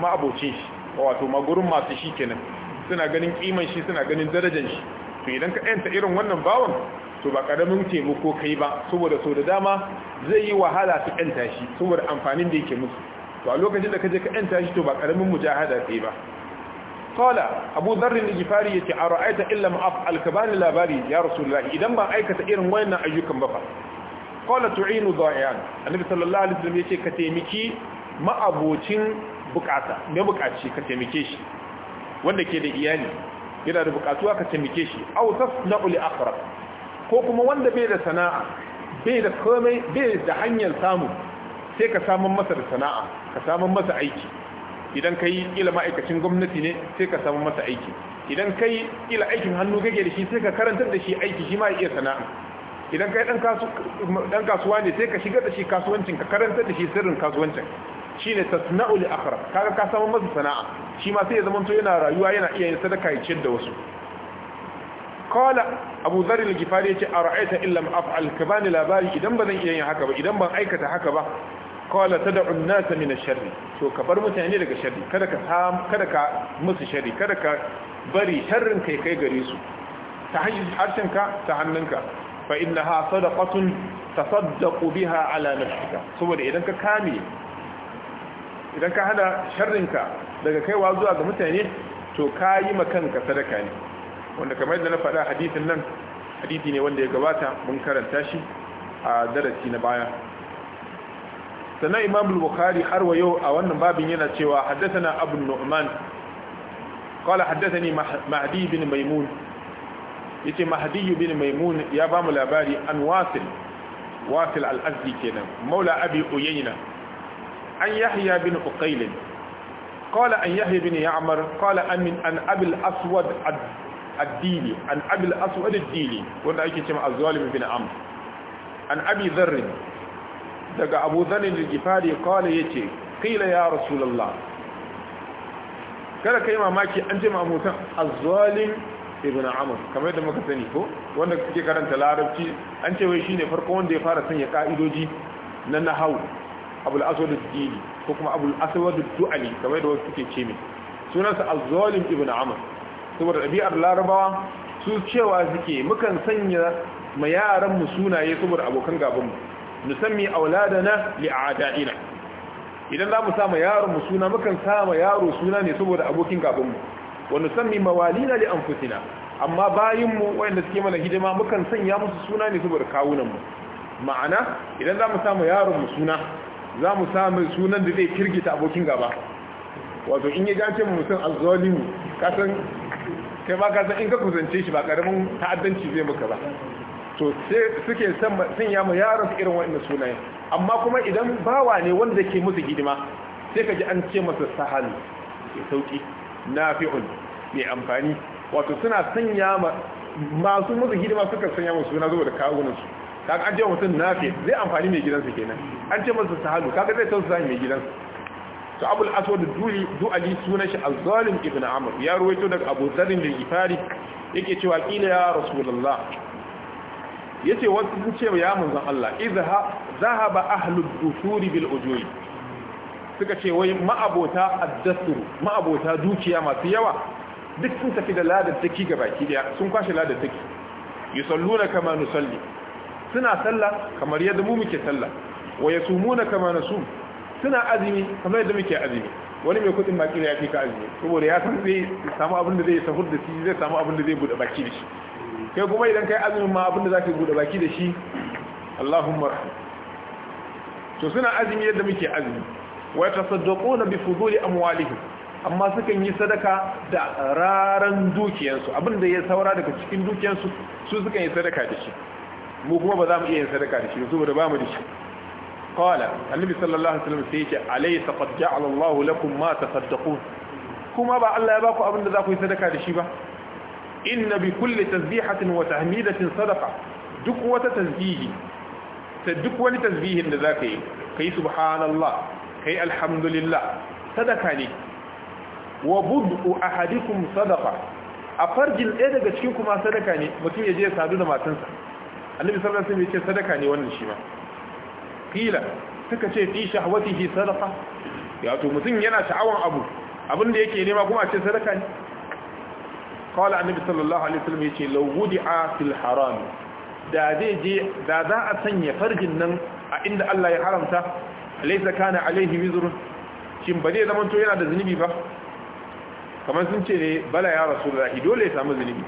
ma'abocin shi wato ma gurin masu shi kenan suna ganin kiman shi suna ganin darajar shi to idan ka yanta irin wannan bawan to ba karamin taimako kai ba saboda so da dama zai yi wahala su yanta shi saboda amfanin da yake musu to a lokacin da kaje ka yanta shi to ba karamin mujahada kai ba qala abu dharr al-ghifari yace ara'aita illa ma af'al kabani labari ya rasulullahi idan ba aikata irin wayannan ayyukan ba fa qala tu'inu dha'ian annabi sallallahu alaihi wasallam yace ka taimaki ma'abocin bukata me bukaci ka taimake shi wanda ke da iyali yana da bukatuwa ka taimake shi aw tasna'u li akhraq ko kuma wanda bai da sana'a bai da komai bai da hanyar samu sai ka samun masa da sana'a ka samun masa aiki idan ka yi ila ma'aikacin gwamnati ne sai ka samun masa aiki idan ka yi ila aikin hannu kake da shi sai ka karantar da shi aiki shi ma iya sana'a idan ka yi dan kasuwa ne sai ka shiga da shi kasuwancin ka karantar da shi sirrin kasuwancin shi ne sana'u li akhra kaga ka samun masa sana'a shi ma sai ya zama yana rayuwa yana iya yin sadaka ya ciyar da wasu kawala abu na gifari ya ce a ra'aita illam af'al ka bani labari idan ba zan iya yin haka ba idan ban aikata haka ba Kawai ta da'un nasa mina shari to ka bar mutane daga shari kada ka kada ka musu shari kada ka bari sharrin kai kai gare su ta hanyar harshenka ta hannunka fa innaha sadaqatun tasaddaqu biha ala nafsika saboda idan ka kame idan ka hada sharrinka daga kaiwa zuwa ga mutane to ka yi kanka sadaka ne wanda kamar yadda na faɗa hadisin nan hadisi ne wanda ya gabata mun karanta shi a darasi na baya sannan imam al-bukhari har wa yau a wannan babin yana cewa haddathana abu nu'man qala haddathani mahdi bin maimun ya ce mahdi bin maimun ya ba mu labari an wasil wasil al-azdi kenan maula abi uyayna an yahya bin uqayl qala an yahya bin ya'mar qala an abil aswad ad an abi aswad ad wanda ake cewa az-zalim bin amr an abi zarrin. daga abu zanin jirgifari kawai ya ce kila ya rasulallah kada ka yi mamaki an ce mamutan azalin ibn amur kamar yadda muka sani ko wanda suke karanta larabci an ce wai ne farko wanda ya fara sanya ka'idoji na nahawu abu aswad da jini, ko kuma abu aswad da du'ani kamar yadda wasu suke ce mai sunansa azalin ibn Amur. saboda ɗabi'ar larabawa su cewa suke mukan sanya ma yaran mu sunaye saboda abokan gaban mu nusammi auladana li'ada'ina idan za mu sama yaron mu suna mukan sama yaro suna ne saboda abokin gaban mu wa nusammi mawalina li anfusina amma bayin mu wanda suke mana hidima mukan sanya musu suna ne saboda kawunan mu ma'ana idan za mu sama yaron mu suna za mu sunan da zai kirgita abokin gaba wato in ya jace mu mutum azzalimu kasan kai ba kasan in ka kusance shi ba karamin ta'addanci zai maka ba to suke sun ya yaron irin wannan sunayen amma kuma idan bawa ne wanda ke musu hidima sai ka ji an ce masa sahal ke sauki nafi'un mai amfani wato suna sanya ma masu musu hidima suka sanya musu suna da kawunan su kaga an ce mutum nafi zai amfani mai gidansa kenan an ce masa sahal kaga zai tausa mai gidansa to abul aswad duli ali sunan shi az-zalim ibn amr ya ruwaito daga abu zarin da ifari yake cewa kila ya rasulullah yace wasu sun ce ya manzon Allah idha zahaba ahlu dusuri bil ujuy suka ce wai ma'abota addasuru ma'abota dukiya masu yawa duk sun tafi da taki ga baki daya sun kwashe ladattaki yusalluna kama nusalli suna sallah kamar yadda mu muke sallah wa yasumuna kama nasum suna azumi kamar yadda muke azumi wani mai kudin baki ya fi ka azumi saboda ya san zai samu abin da zai sahur da shi zai samu abin da zai bude baki da shi kai kuma idan kai azumin ma abinda zaka bude baki da shi Allahumma to suna azumi yadda muke azumi wa tasaddaquna bi fuduli amwalihim amma sukan yi sadaka da raran dukiyarsu abinda ya saura daga cikin dukiyarsu su sukan yi sadaka da shi mu kuma ba za mu iya yin sadaka da shi Yanzu ba mu da shi qala annabi sallallahu alaihi wasallam sai yake alaysa qad ja'ala Allahu lakum ma tasaddaqun kuma ba Allah ya baku abinda za ku yi sadaka da shi ba inna bi kulli tasbihatin wa tahmidatin sadaqa duk wata tasbihi ta duk wani tasbihin da zaka yi kai subhanallah kai alhamdulillah sadaka ne wa bud'u ahadikum sadaqa a farjin ɗaya daga cikin kuma sadaka ne mutum ya je ya sadu da matansa annabi sallallahu alaihi wasallam ya ce sadaka ne wannan shi ma kila suka ce fi shahwatihi sadaqa ya to mutum yana sha'awan abu abin da yake nema kuma a ce sadaka ne qala annabi sallallahu alaihi wasallam yace law wudi'a fil haram da zai je da za a sanya farjin nan a inda Allah ya haramta laysa kana alaihi wizrun shin ba zai zama to yana da zunubi ba kamar sun ce ne bala ya rasulullahi dole ya samu zunubi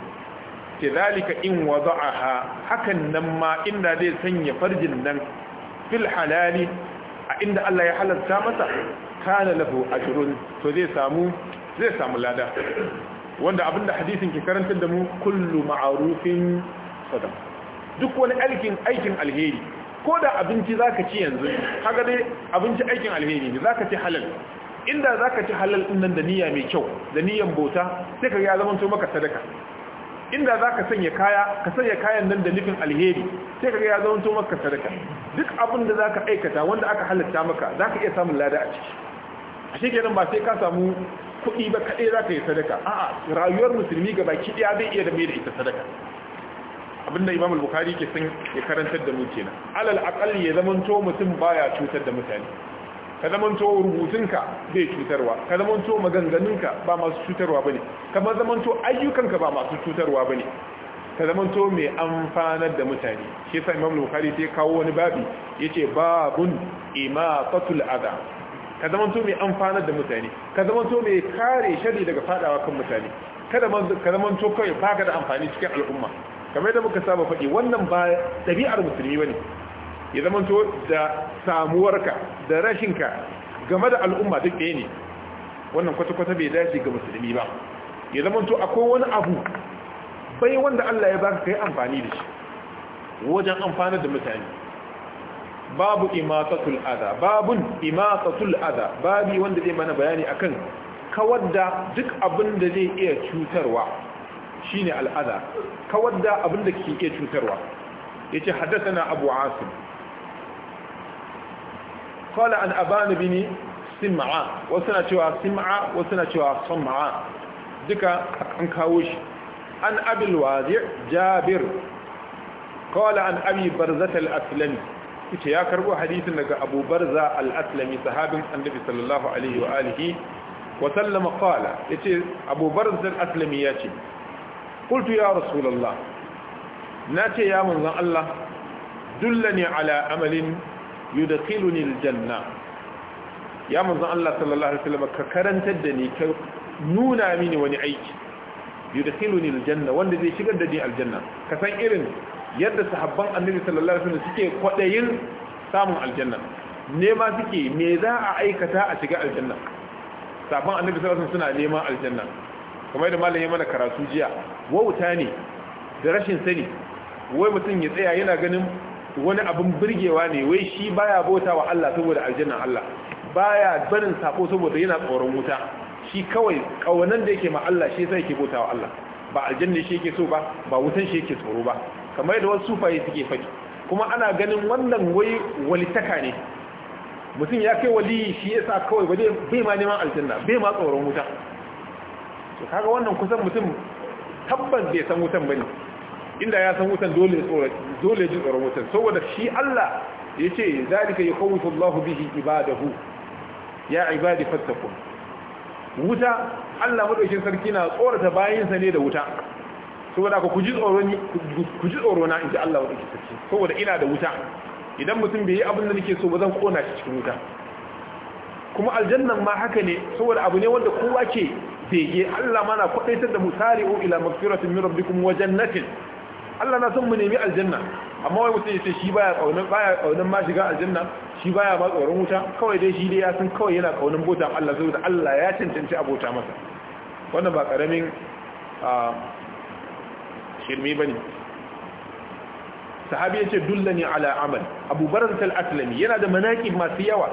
ke zalika in wada'aha hakan nan ma inda zai sanya farjin nan fil halali a inda Allah ya halalta masa kana lahu ajrun to zai samu zai samu lada wanda abinda hadisin ke karantar da mu kullu ma'arufin sadaq duk wani aikin aikin alheri ko da abinci zaka ci yanzu kaga dai abinci aikin alheri ne zaka ci halal inda zaka ci halal din nan da niyya mai kyau da niyyan bota, sai ka ya zama to maka sadaka inda zaka sanya kaya ka sanya kayan nan da nufin alheri sai ka ya zama to maka sadaka duk abin da zaka aikata wanda aka halatta maka zaka iya samun lada a ciki a shi kenan ba sai ka samu kuɗi ba kaɗai za ka yi sadaka a rayuwar musulmi gaba kiɗiya zai iya da mai da ita sadaka abinda imam al-bukhari ke sun ya karantar da mu kenan alal aqal ya zamanto mutum baya cutar da mutane ka zamanto rubutunka bai cutarwa ka zamanto maganganunka ba masu cutarwa bane ka zamanto ayyukanka ba masu cutarwa bane ka zamanto mai amfanar da mutane shi yasa imam al-bukhari sai kawo wani babi yace babun imatatul adha ka zama to mai amfanar da mutane ka zama to mai kare shari daga fadawa kan mutane ka zama to kawai baka da amfani cikin al'umma kamar da muka saba faɗi wannan ba ɗabi'ar musulmi ba ne. ya zama to da samuwarka da rashinka game da al'umma duk ɗaya ne wannan kwata-kwata bai dace ga musulmi ba ya zama to akwai wani abu bai wanda Allah ya baka kai amfani da shi wajen amfanar da mutane babu imatatul adha babun imatatul adha babi wanda zai mana bayani akan kawar da duk abin da zai iya cutarwa shine al'ada. kawar da abin da ke iya cutarwa yace haddathana abu asim qala an abana bini sim'a wasu na cewa sim'a wasu na cewa sam'a duka an kawo shi an abil wazir jabir qala an abi barzatal al-aslami ita ya karbo hadisin daga Abu Barza al-Aslami sahabin Annabi sallallahu alaihi wa alihi wa sallama ya ce Abu Barza al-Aslami ce, qultu ya rasulullah ce ya manzon Allah dullani ala amalin yudkhiluni al-janna ya manzon Allah sallallahu alaihi wasallam ka karantar da ni ka nuna mini wani aiki yudkhiluni al-janna wanda zai shigar da ni aljanna ka san irin yadda sahabban annabi sallallahu alaihi wasallam suke kwadayin samun aljanna nema suke me za a aikata a shiga aljanna sahabban annabi sallallahu alaihi wasallam suna neman aljanna kamar da malamin mana karatu jiya wauta ne da rashin sani wai mutum ya tsaya yana ganin wani abin birgewa ne wai shi baya bauta wa Allah saboda aljanna Allah baya barin sako saboda yana tsoron wuta shi kawai kawanan da yake ma Allah shi yasa yake bauta wa Allah ba aljanna shi yake so ba ba wutan shi yake tsoro ba kamar yadda wasu sufaye suke faɗi kuma ana ganin wannan wai walitaka ne mutum ya kai wali shi yasa kawai ba bai ma neman aljanna bai ma tsoron wuta to kaga wannan kusan mutum tabbas bai san wutan bane inda ya san wutan dole tsoron dole ji tsoron wutan saboda shi Allah yace zalika yukhawifu Allahu bihi ibadahu ya ibadi fattakun wuta Allah madaukin sarki na tsorata bayinsa ne da wuta saboda ku ji tsoro ni ku ji tsoro na inji Allah wadda ke sarki saboda ina da wuta idan mutum bai yi abin da nake so ba zan kona shi cikin wuta kuma aljannan ma haka ne saboda abu ne wanda kowa ke bege Allah ma na kwadaitar da o ila magfiratin min rabbikum wa jannatin Allah na son mu nemi aljanna amma wai mutum ya ce shi baya kaunan baya kaunan ma shiga aljanna shi baya ba tsoron wuta kawai dai shi dai ya san kawai yana kaunan bota Allah saboda Allah ya cancanci abota masa wannan ba karamin ah, ba ne sahabi yace dullani ala amal Abu Barzah aslami yana da manaƙi masu yawa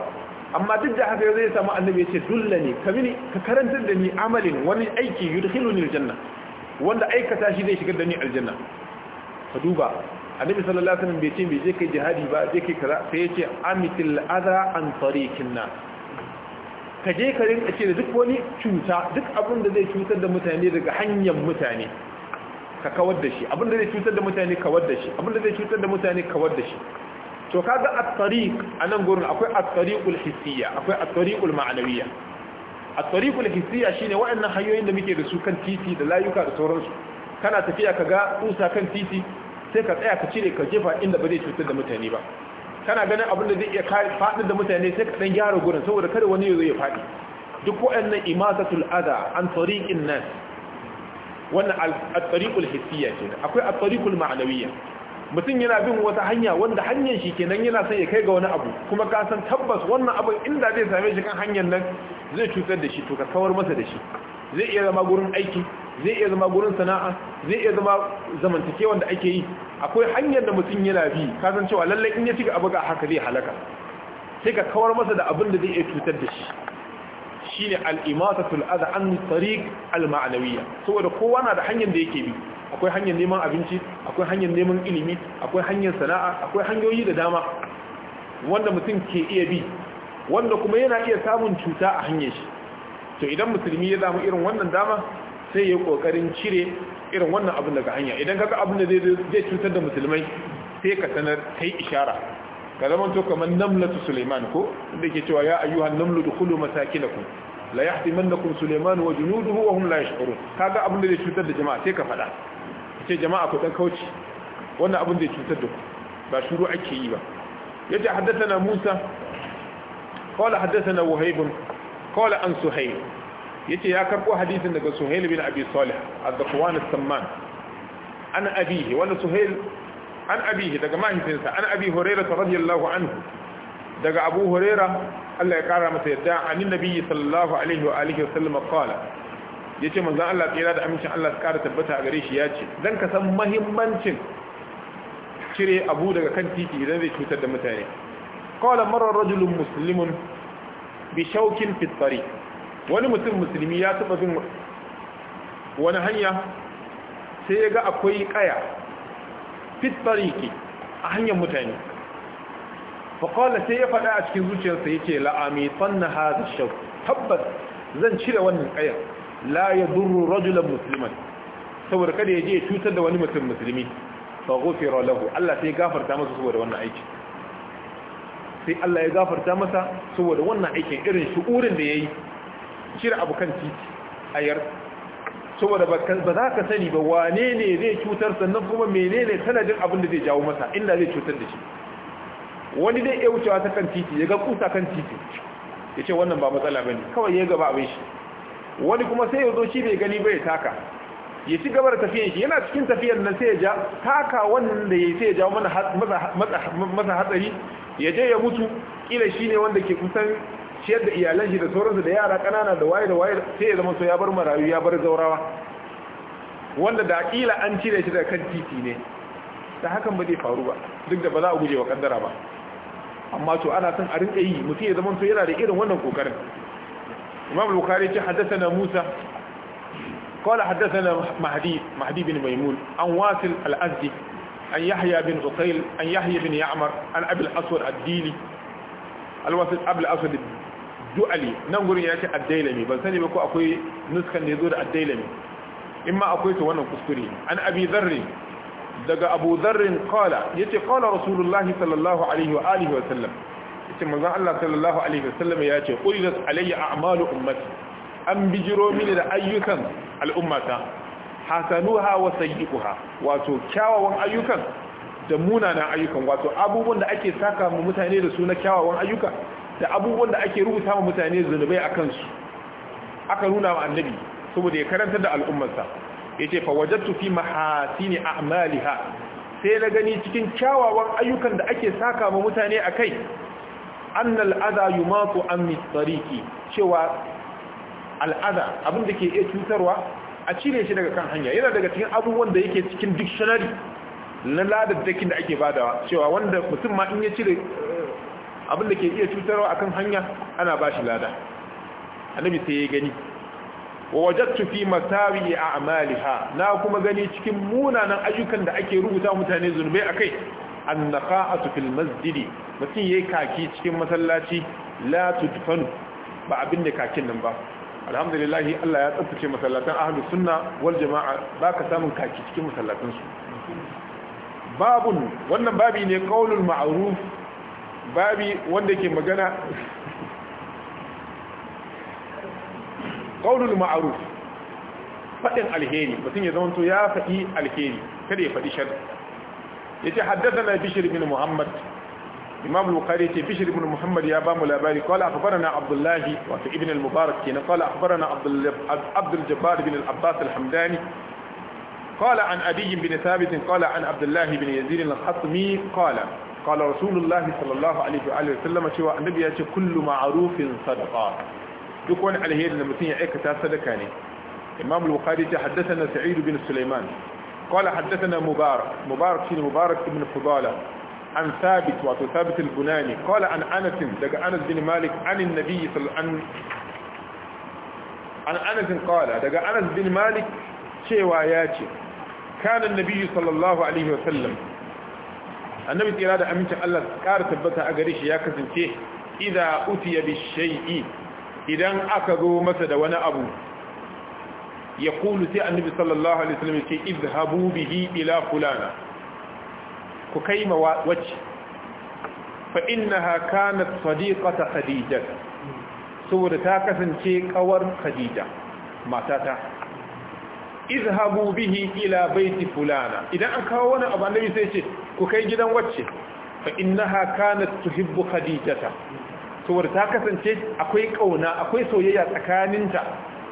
amma duk da haka ya zai samu annabi ce dullani ne ka karantar da ni amalin wani aiki yudkhiluni aljanna wanda aikata shi zai shigar da ni aljanna ka duba annabi sallallahu alaihi wasallam bai ce bai je kai jihadi ba zai kai kaza sai yace amitil adha an tariqin nas ka je ka rinka ce da duk wani cuta duk abin da zai cutar da mutane daga hanyar mutane ka kawar da shi da zai cutar da mutane kawar da shi da zai cutar da mutane kawar da shi to kaga at-tariq anan gurin akwai at-tariqul hissiyya akwai at-tariqul ma'nawiyya at-tariqul hissiyya shine waɗannan hanyoyin da muke da su kan titi da layuka da sauransu kana tafiya kaga kusa kan titi sai ka tsaya ka cire ka jefa inda ba zai cutar da mutane ba kana ganin abin da zai iya faɗi da mutane sai ka dan gyara gurin saboda kada wani ya zo ya faɗi duk waɗannan imazatul adha an tariqin nas wannan al tariqul hissiyya kenan akwai al tariqul ma'nawiyya mutum yana bin wata hanya wanda hanyar shi kenan yana son ya kai ga wani abu kuma ka san tabbas wannan abu inda zai same shi kan hanyar nan zai cutar da shi to ka kawar masa da shi zai iya zama gurin aiki zai iya zama gurin sana'a zai iya zama zamantake wanda ake yi akwai hanyar da mutum yana bi ka san cewa lallai in ya ci abu ga haka zai halaka sai ka kawar masa da abin da zai iya cutar da shi shine al-imatatul adha an tariq al-ma'nawiyya saboda kowa na da hanyar da yake bi akwai hanyar neman abinci akwai hanyar neman ilimi akwai hanyar sana'a akwai hanyoyi da dama wanda mutum ke iya bi wanda kuma yana iya samun cuta a hanyar shi to idan musulmi ya samu irin wannan dama sai ya kokarin cire irin wannan abin daga hanya idan kaga abin da zai cutar da musulmai sai ka sanar kai ishara kalaman to kamar namlatu suleiman ko inda ke cewa ya ayyuhan namlu dukulu masakinakum la yahtimannakum suleiman wa junuduhu wa hum la yashkurun kaga abin da zai cutar da jama'a sai ka faɗa ce jama'a ku dan kauce wannan abin zai cutar da ku ba shuru ake yi ba yace haddathana Musa qala haddathana Wahib qala an Suhayl yace ya karbo hadisin daga Suhayl bin Abi Salih al-Daqwan as-Samman ana abihi wala Suhayl an abihi daga mahaifinsa an abi hurairah radiyallahu anhu daga abu hurairah Allah ya kara masa yadda anin nabiyyi sallallahu alaihi wa alihi wa sallam qala yace manzon Allah tsira da amincin Allah ya kara tabbata a gare shi yace dan ka san muhimmancin cire abu daga kan titi idan zai cutar da mutane qala marra rajulun muslimun bi shawkin fi tariq wani mutum musulmi ya taba bin wani hanya sai ya ga akwai kaya fit tariki a hanyar mutane faƙwala sai ya faɗa a cikin zuciyarsa ya ce la'ami tsanna haza shau tabbas zan cire wannan ƙayar la ya zurru rajulan musulman saboda kada ya je ya cutar da wani mutum musulmi fa gufira lahu Allah sai gafarta masa saboda wannan aiki sai Allah ya gafarta masa saboda wannan aikin irin shu'urin da ya yi. cire abu kan titi ayar saboda ba za ka sani ba wane ne zai cutar sannan kuma menene sanadin abin da zai jawo masa inda zai cutar da shi wani dai ya wucewa ta kan titi ya ga kusa kan titi ya ce wannan ba matsala ba ne kawai ya gaba abin shi wani kuma sai ya zo shi bai gani bai taka ya ci gaba da tafiyan shi yana cikin tafiyan nan sai ya ja taka wanda ya sai ya jawo masa hatsari ya je ya mutu kila shi ne wanda ke kusan ciyar da iyalan shi da sauransu da yara kanana da waye da waye sai ya zama so ya bar marayu ya bar zaurawa wanda da kila an cire shi daga kan titi ne da hakan ba zai faru ba duk da ba za a guje wa kaddara ba amma to ana son a rinka yi mutum ya zama so yana da irin wannan kokarin imam bukari ce haddasa na musa قال حدثنا مهدي مهدي بن ميمون عن واصل الازدي عن يحيى بن عقيل عن يحيى بن يعمر عن ابي الاسود الديلي الواصل ابي الاسود du'ali nan gurin ya ce addailami ban sani ba ko akwai nuskan da ya zo da addailami in ma akwai to wannan kuskure an abi zarri daga abu zarri kala ya ce kala rasulullahi sallallahu alaihi wa alihi wa sallam ya ce manzan Allah sallallahu alaihi wa sallam ya ce ƙulilas alayya a amalu ummati an bijiro mini da ayyukan al'ummata hasanuha wa sayyi'uha wato kyawawan ayyukan da munanan ayyukan wato abubuwan da ake saka mu mutane da su na kyawawan ayyuka da abubuwan da ake rubuta wa mutane zunubai a kansu aka nuna wa annabi saboda ya karantar da al'ummarsa ya ce fawajattu fi mahasini a'maliha sai na gani cikin kyawawan ayyukan da ake saka ma mutane a kai an al'ada yi mako an tsariki cewa al'ada abin da ke iya cutarwa a cire shi daga kan hanya yana daga cikin abubuwan da yake cikin dictionary na ladaddakin da ake badawa cewa wanda mutum ma in ya cire abin da ke iya cutarwa akan hanya ana ba shi lada annabi sai ya gani wa wajadtu fi masawi a'maliha na kuma gani cikin munanan ayyukan da ake rubuta mutane zunubai akai annaqa'atu fil masjidi mutum yayi kaki cikin masallaci la tudfan ba abin da kakin nan ba alhamdulillah Allah ya tsabtace masallatan ahlu sunna wal jama'a baka samun kaki cikin masallatan su babun wannan babi ne qaulul ma'ruf babi wanda ke magana qaulul ma'aruf fadin alheri mutum ya zama to ya faɗi alheri kada ya faɗi shar yace haddathana bishr bin muhammad imam bukhari ce Bishir bin muhammad ya bamu labari qala akhbarana abdullahi wa ibn al-mubarak kana qala akhbarana abd Abdul jabbar bin al-abbas al-hamdani قال عن أبي بن ثابت قال عن عبد الله بن يزيد الخطمي قال qala rasulullahi sallallahu alaihi wa sallama cewa annabi ya ce kullu ma'rufin sadaka duk wani alheri na mutum ya aikata sadaka ne imam al-bukhari ya haddathana bin sulaiman qala haddathana mubarak mubarak shi mubarak ibn fudala an thabit wa thabit bunani qala an anas daga anas bin malik an annabi sallallahu an anas qala daga anas bin malik cewa ya ce sallallahu alaihi wa sallam annabi tsira da amincin Allah ƙara tabbata a gare shi ya kasance idza utiya bi idan aka zo masa da wani abu ya kulu sai annabi sallallahu alaihi wasallam ce izhabu bihi ila fulana ku kai ma wacce fa innaha kanat sadiqata khadija saboda ta kasance kawar khadija matata izhabu bihi ila baiti fulana idan an kawo wani abu annabi sai ce ku kai gidan wacce fa innaha kanat tuhibbu khadijata saboda ta kasance akwai kauna akwai soyayya tsakaninta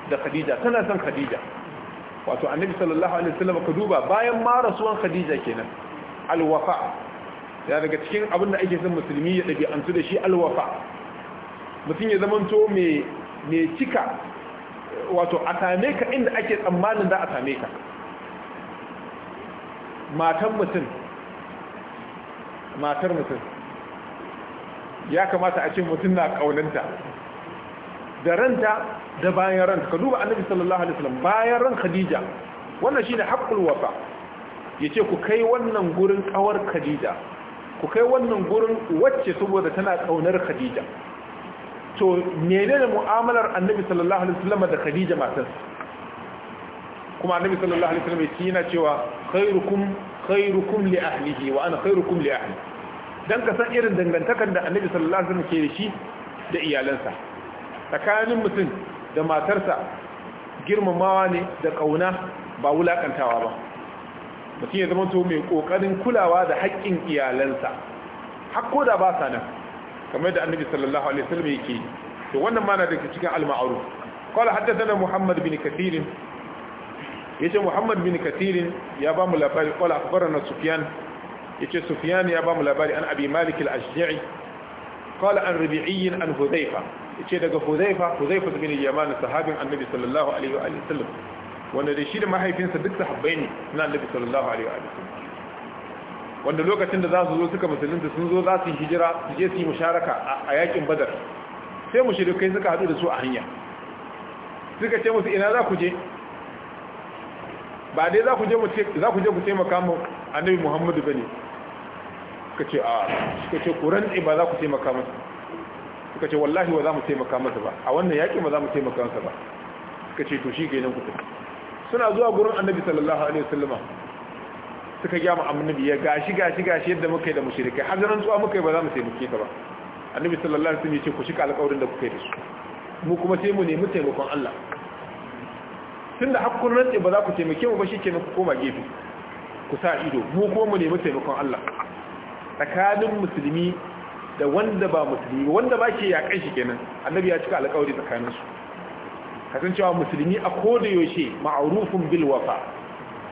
da khadija tana son khadija wato annabi sallallahu alaihi wasallam ka duba bayan ma rasuwan khadija kenan alwafa ya daga cikin abin da ake son musulmi ya dabi'antu da shi alwafa mutum ya zamanto mai mai cika wato a same ka inda ake tsammanin za a same ka matan mutum matar mutum ya kamata a ce mutum na kaunanta da ranta da bayan ranta ka duba annabi sallallahu alaihi wasallam bayan ran khadija wannan shine haqqul wafa yace ku kai wannan gurin kawar khadija ku kai wannan gurin wacce saboda tana kaunar khadija to da mu'amalar annabi sallallahu alaihi wasallam da khadija matar kuma annabi sallallahu alaihi wasallam yake yana cewa khairukum khairukum li ahlihi wa ana khairukum li ahli dan ka san irin dangantakar da annabi sallallahu alaihi wasallam ke da shi da iyalansa tsakanin mutum da matarsa girmamawa ne da kauna ba wulakantawa ba mutum ya zama to mai kokarin kulawa da haƙƙin iyalansa hakko da ba sa nan kamar da annabi sallallahu alaihi wasallam yake to wannan mana daga cikin al-ma'ruf qala haddathana muhammad bin kathir yace muhammad bin kathir ya ba mu labari qala akhbarana sufyan yace sufyan ya ba mu labari an abi malik al-ashja'i qala an rabi'i an hudayfa yace daga hudayfa hudayfa bin yaman sahabin annabi sallallahu alaihi wa sallam wanda da shi da mahaifinsa duk sahabbai ne na annabi sallallahu alaihi wa sallam wanda lokacin da za su zo suka musulunta sun zo za su yi hijira su je su yi musharaka a yakin badar sai kai suka haɗu da su a hanya suka ce musu ina za ku je ba dai za ku je ku taimaka mu annabi muhammadu ba ne suka ce a suka ce ku rantse ba za ku taimaka masa suka ce wallahi ba za mu taimaka masa ba a wannan yaƙi ba za mu taimaka masa ba suka ce to shi nan ku tafi suna zuwa gurin annabi sallallahu alaihi wasallama suka gya mu annabi ya gashi gashi gashi yadda muka yi da mushrikai har ran tsuwa muka yi ba za mu taimake ka ba annabi sallallahu alaihi wasallam ya ce ku shika alƙawarin da kuke da su mu kuma sai mu nemi taimakon Allah tunda hakkun nan ba za ku taimake mu ba shi kenan ku koma gefe ku sa ido mu kuma mu nemi taimakon Allah tsakanin musulmi da wanda ba musulmi wanda ba ke yaƙan shi kenan annabi ya cika alƙawari tsakanin su kasancewa musulmi a koda yaushe ma'arufin bil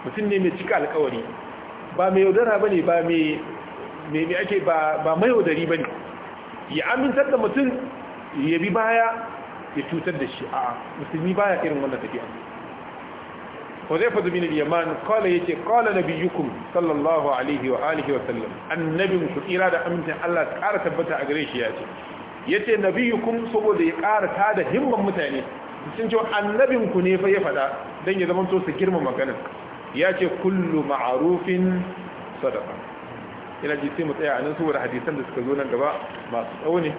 mutum ne mai cika alƙawari ba mai yaudara ba ne ba mai ake ba mai yaudari ba ne ya amintar da mutum ya bi baya ya cutar da shi a musulmi baya irin wannan tafiya Huzaifa bin al-Yaman kala yace kala nabiyukum sallallahu alaihi wa alihi wa sallam annabin ku tsira da amintar Allah kara tabbata a gare shi yace yace nabiyukum saboda ya ƙara da himman mutane sun ce annabin ku ne fa ya fada Don ya zama to su girma maganar ya ce kullu ma'arufin sadaka ina ji sai mu tsaya a nan saboda hadisan da suka zo nan gaba masu tsawo ne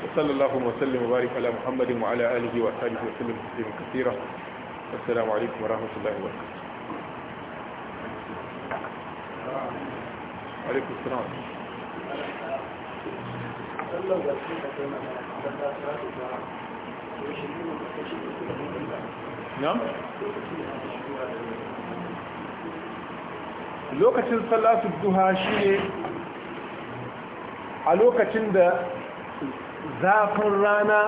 وصلى الله وسلم وبارك على محمد وعلى اله وصحبه وسلم تسليما كثيرا والسلام عليكم ورحمه الله وبركاته عليكم السلام نعم lokacin salatu duha shi ne a lokacin da zafin rana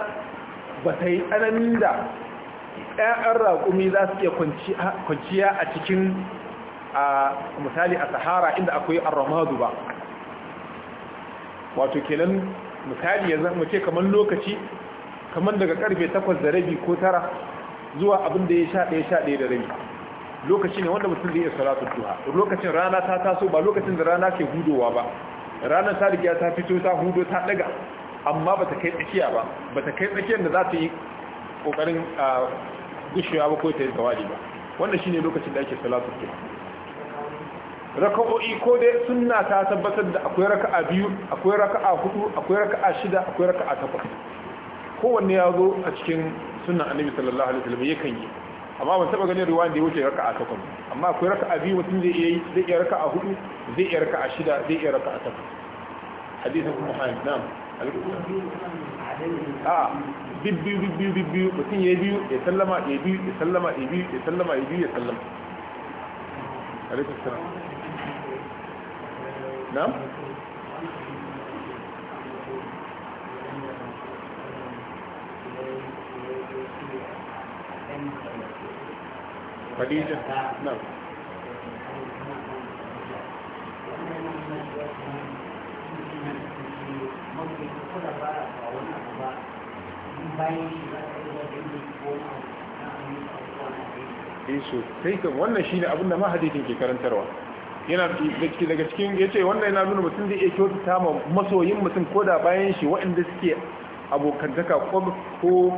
ba ta yi tsananin da 'ya'yan raƙumi za su iya kwanciya a cikin a misali a sahara inda akwai arramadu ba wato kenan misali yanzu mu ce kamar lokaci kamar daga karfe takwas da rabi ko tara, zuwa abinda da ya sha ɗaya sha ɗaya da rabi lokaci ne wanda mutum zai iya salatu duha lokacin rana ta taso ba lokacin da rana ke hudowa ba ranar ta riga ta fito ta hudo ta daga amma ba ta kai tsakiya ba ba ta kai tsakiyar da za ta yi kokarin gushewa ba ko ta yi tsawadi ba wanda shine lokacin da ake salatu duha raka'o'i ko dai sunna ta tabbatar da akwai raka'a biyu akwai raka'a hudu akwai raka'a shida akwai raka'a takwas kowanne ya zo a cikin sunan annabi sallallahu alaihi wasallam yakan yi amma ban taba ganin riwaya da ya wuce raka'a takwas amma akwai raka'a biyu mutum zai iya yi zai iya raka'a hudu zai iya raka'a shida zai iya raka'a takwas hadisin kuma hayin na'am a bibbiyu bibbiyu bibbiyu mutum ya biyu ya sallama ya biyu ya sallama ya biyu ya sallama ya biyu ya sallama alaikum salam nan. khadija na Yesu sai ka wannan da ma ke karantarwa yana daga cikin ya ce wannan yana nuna mutum zai iya kyautata ma masoyin mutum ko da bayan shi waɗanda suke abokantaka ko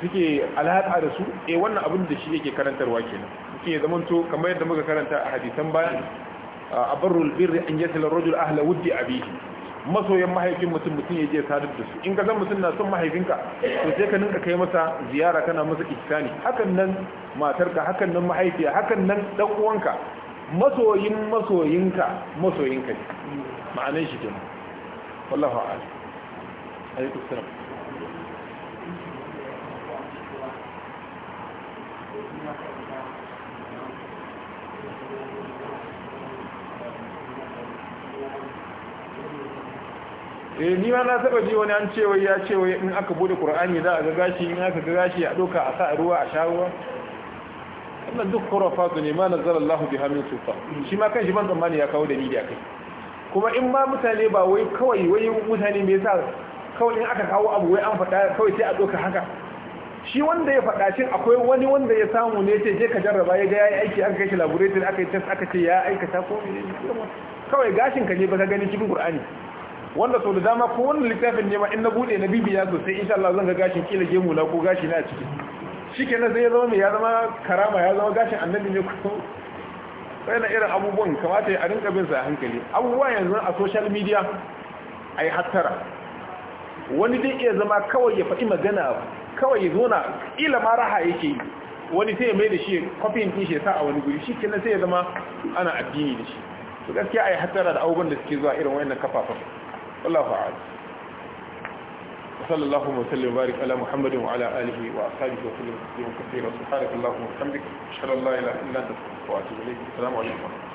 suke alaƙa da su eh wannan abin da shi yake karantarwa kenan suke ya zamanto kamar yadda muka karanta a hadisan baya barul birri an yasila rajul ahla wuddi abihi masoyan mahaifin mutum mutum ya je sadar da su in ka san mutum na son mahaifinka to sai ka ninka kai masa ziyara kana masa ihsani hakan nan matarka hakan nan mahaifiya hakan nan dan uwanka masoyin masoyinka masoyinka ne ma'anar shi kenan wallahu a'lam alaikum salam eh ni ma na taba ji wani an ce wai ya ce wai in aka bude qur'ani za a ga gashi in aka ga gashi a doka a sa ruwa a sha ruwa wannan duk khurafatu ne ma nazar Allah biha min sultan shi ma kan shi ban tsammani ya kawo dalili akai kuma in ma mutane ba wai kawai wai mutane me yasa kawai in aka kawo abu wai an faɗa kawai sai a doka haka shi wanda ya faɗa shin akwai wani wanda ya samu ne ce je ka jarraba ya ga yayi aiki aka kai shi laboratory aka yi test aka ce ya aikata ko kawai gashin ka ne ba ka gani cikin Qur'ani wanda sau da dama ko wannan littafin ne ma in na bude na bibiya sosai insha Allah zan ga gashin kila gemu na ko gashi na a ciki shikenan sai ya zama ya zama karama ya zama gashin annabi ne ko sai na irin abubuwan kamata a rinka bin sa a hankali abubuwa yanzu a social media ai hattara wani dai iya zama kawai ya faɗi magana kawai ya zo na kila ma raha yake yi wani sai ya mai da shi kofin ɗin shi sa a wani guri shi kenan sai ya zama ana addini da shi to gaskiya ai hattara da abubuwan da suke zuwa irin wayannan kafafen wallahu a'lam وصلى الله وسلم وبارك على محمد وعلى اله واصحابه وسلم تسليما كثيرا سبحانك اللهم وبحمدك اشهد ان لا اله الا انت استغفرك واتوب اليك السلام عليكم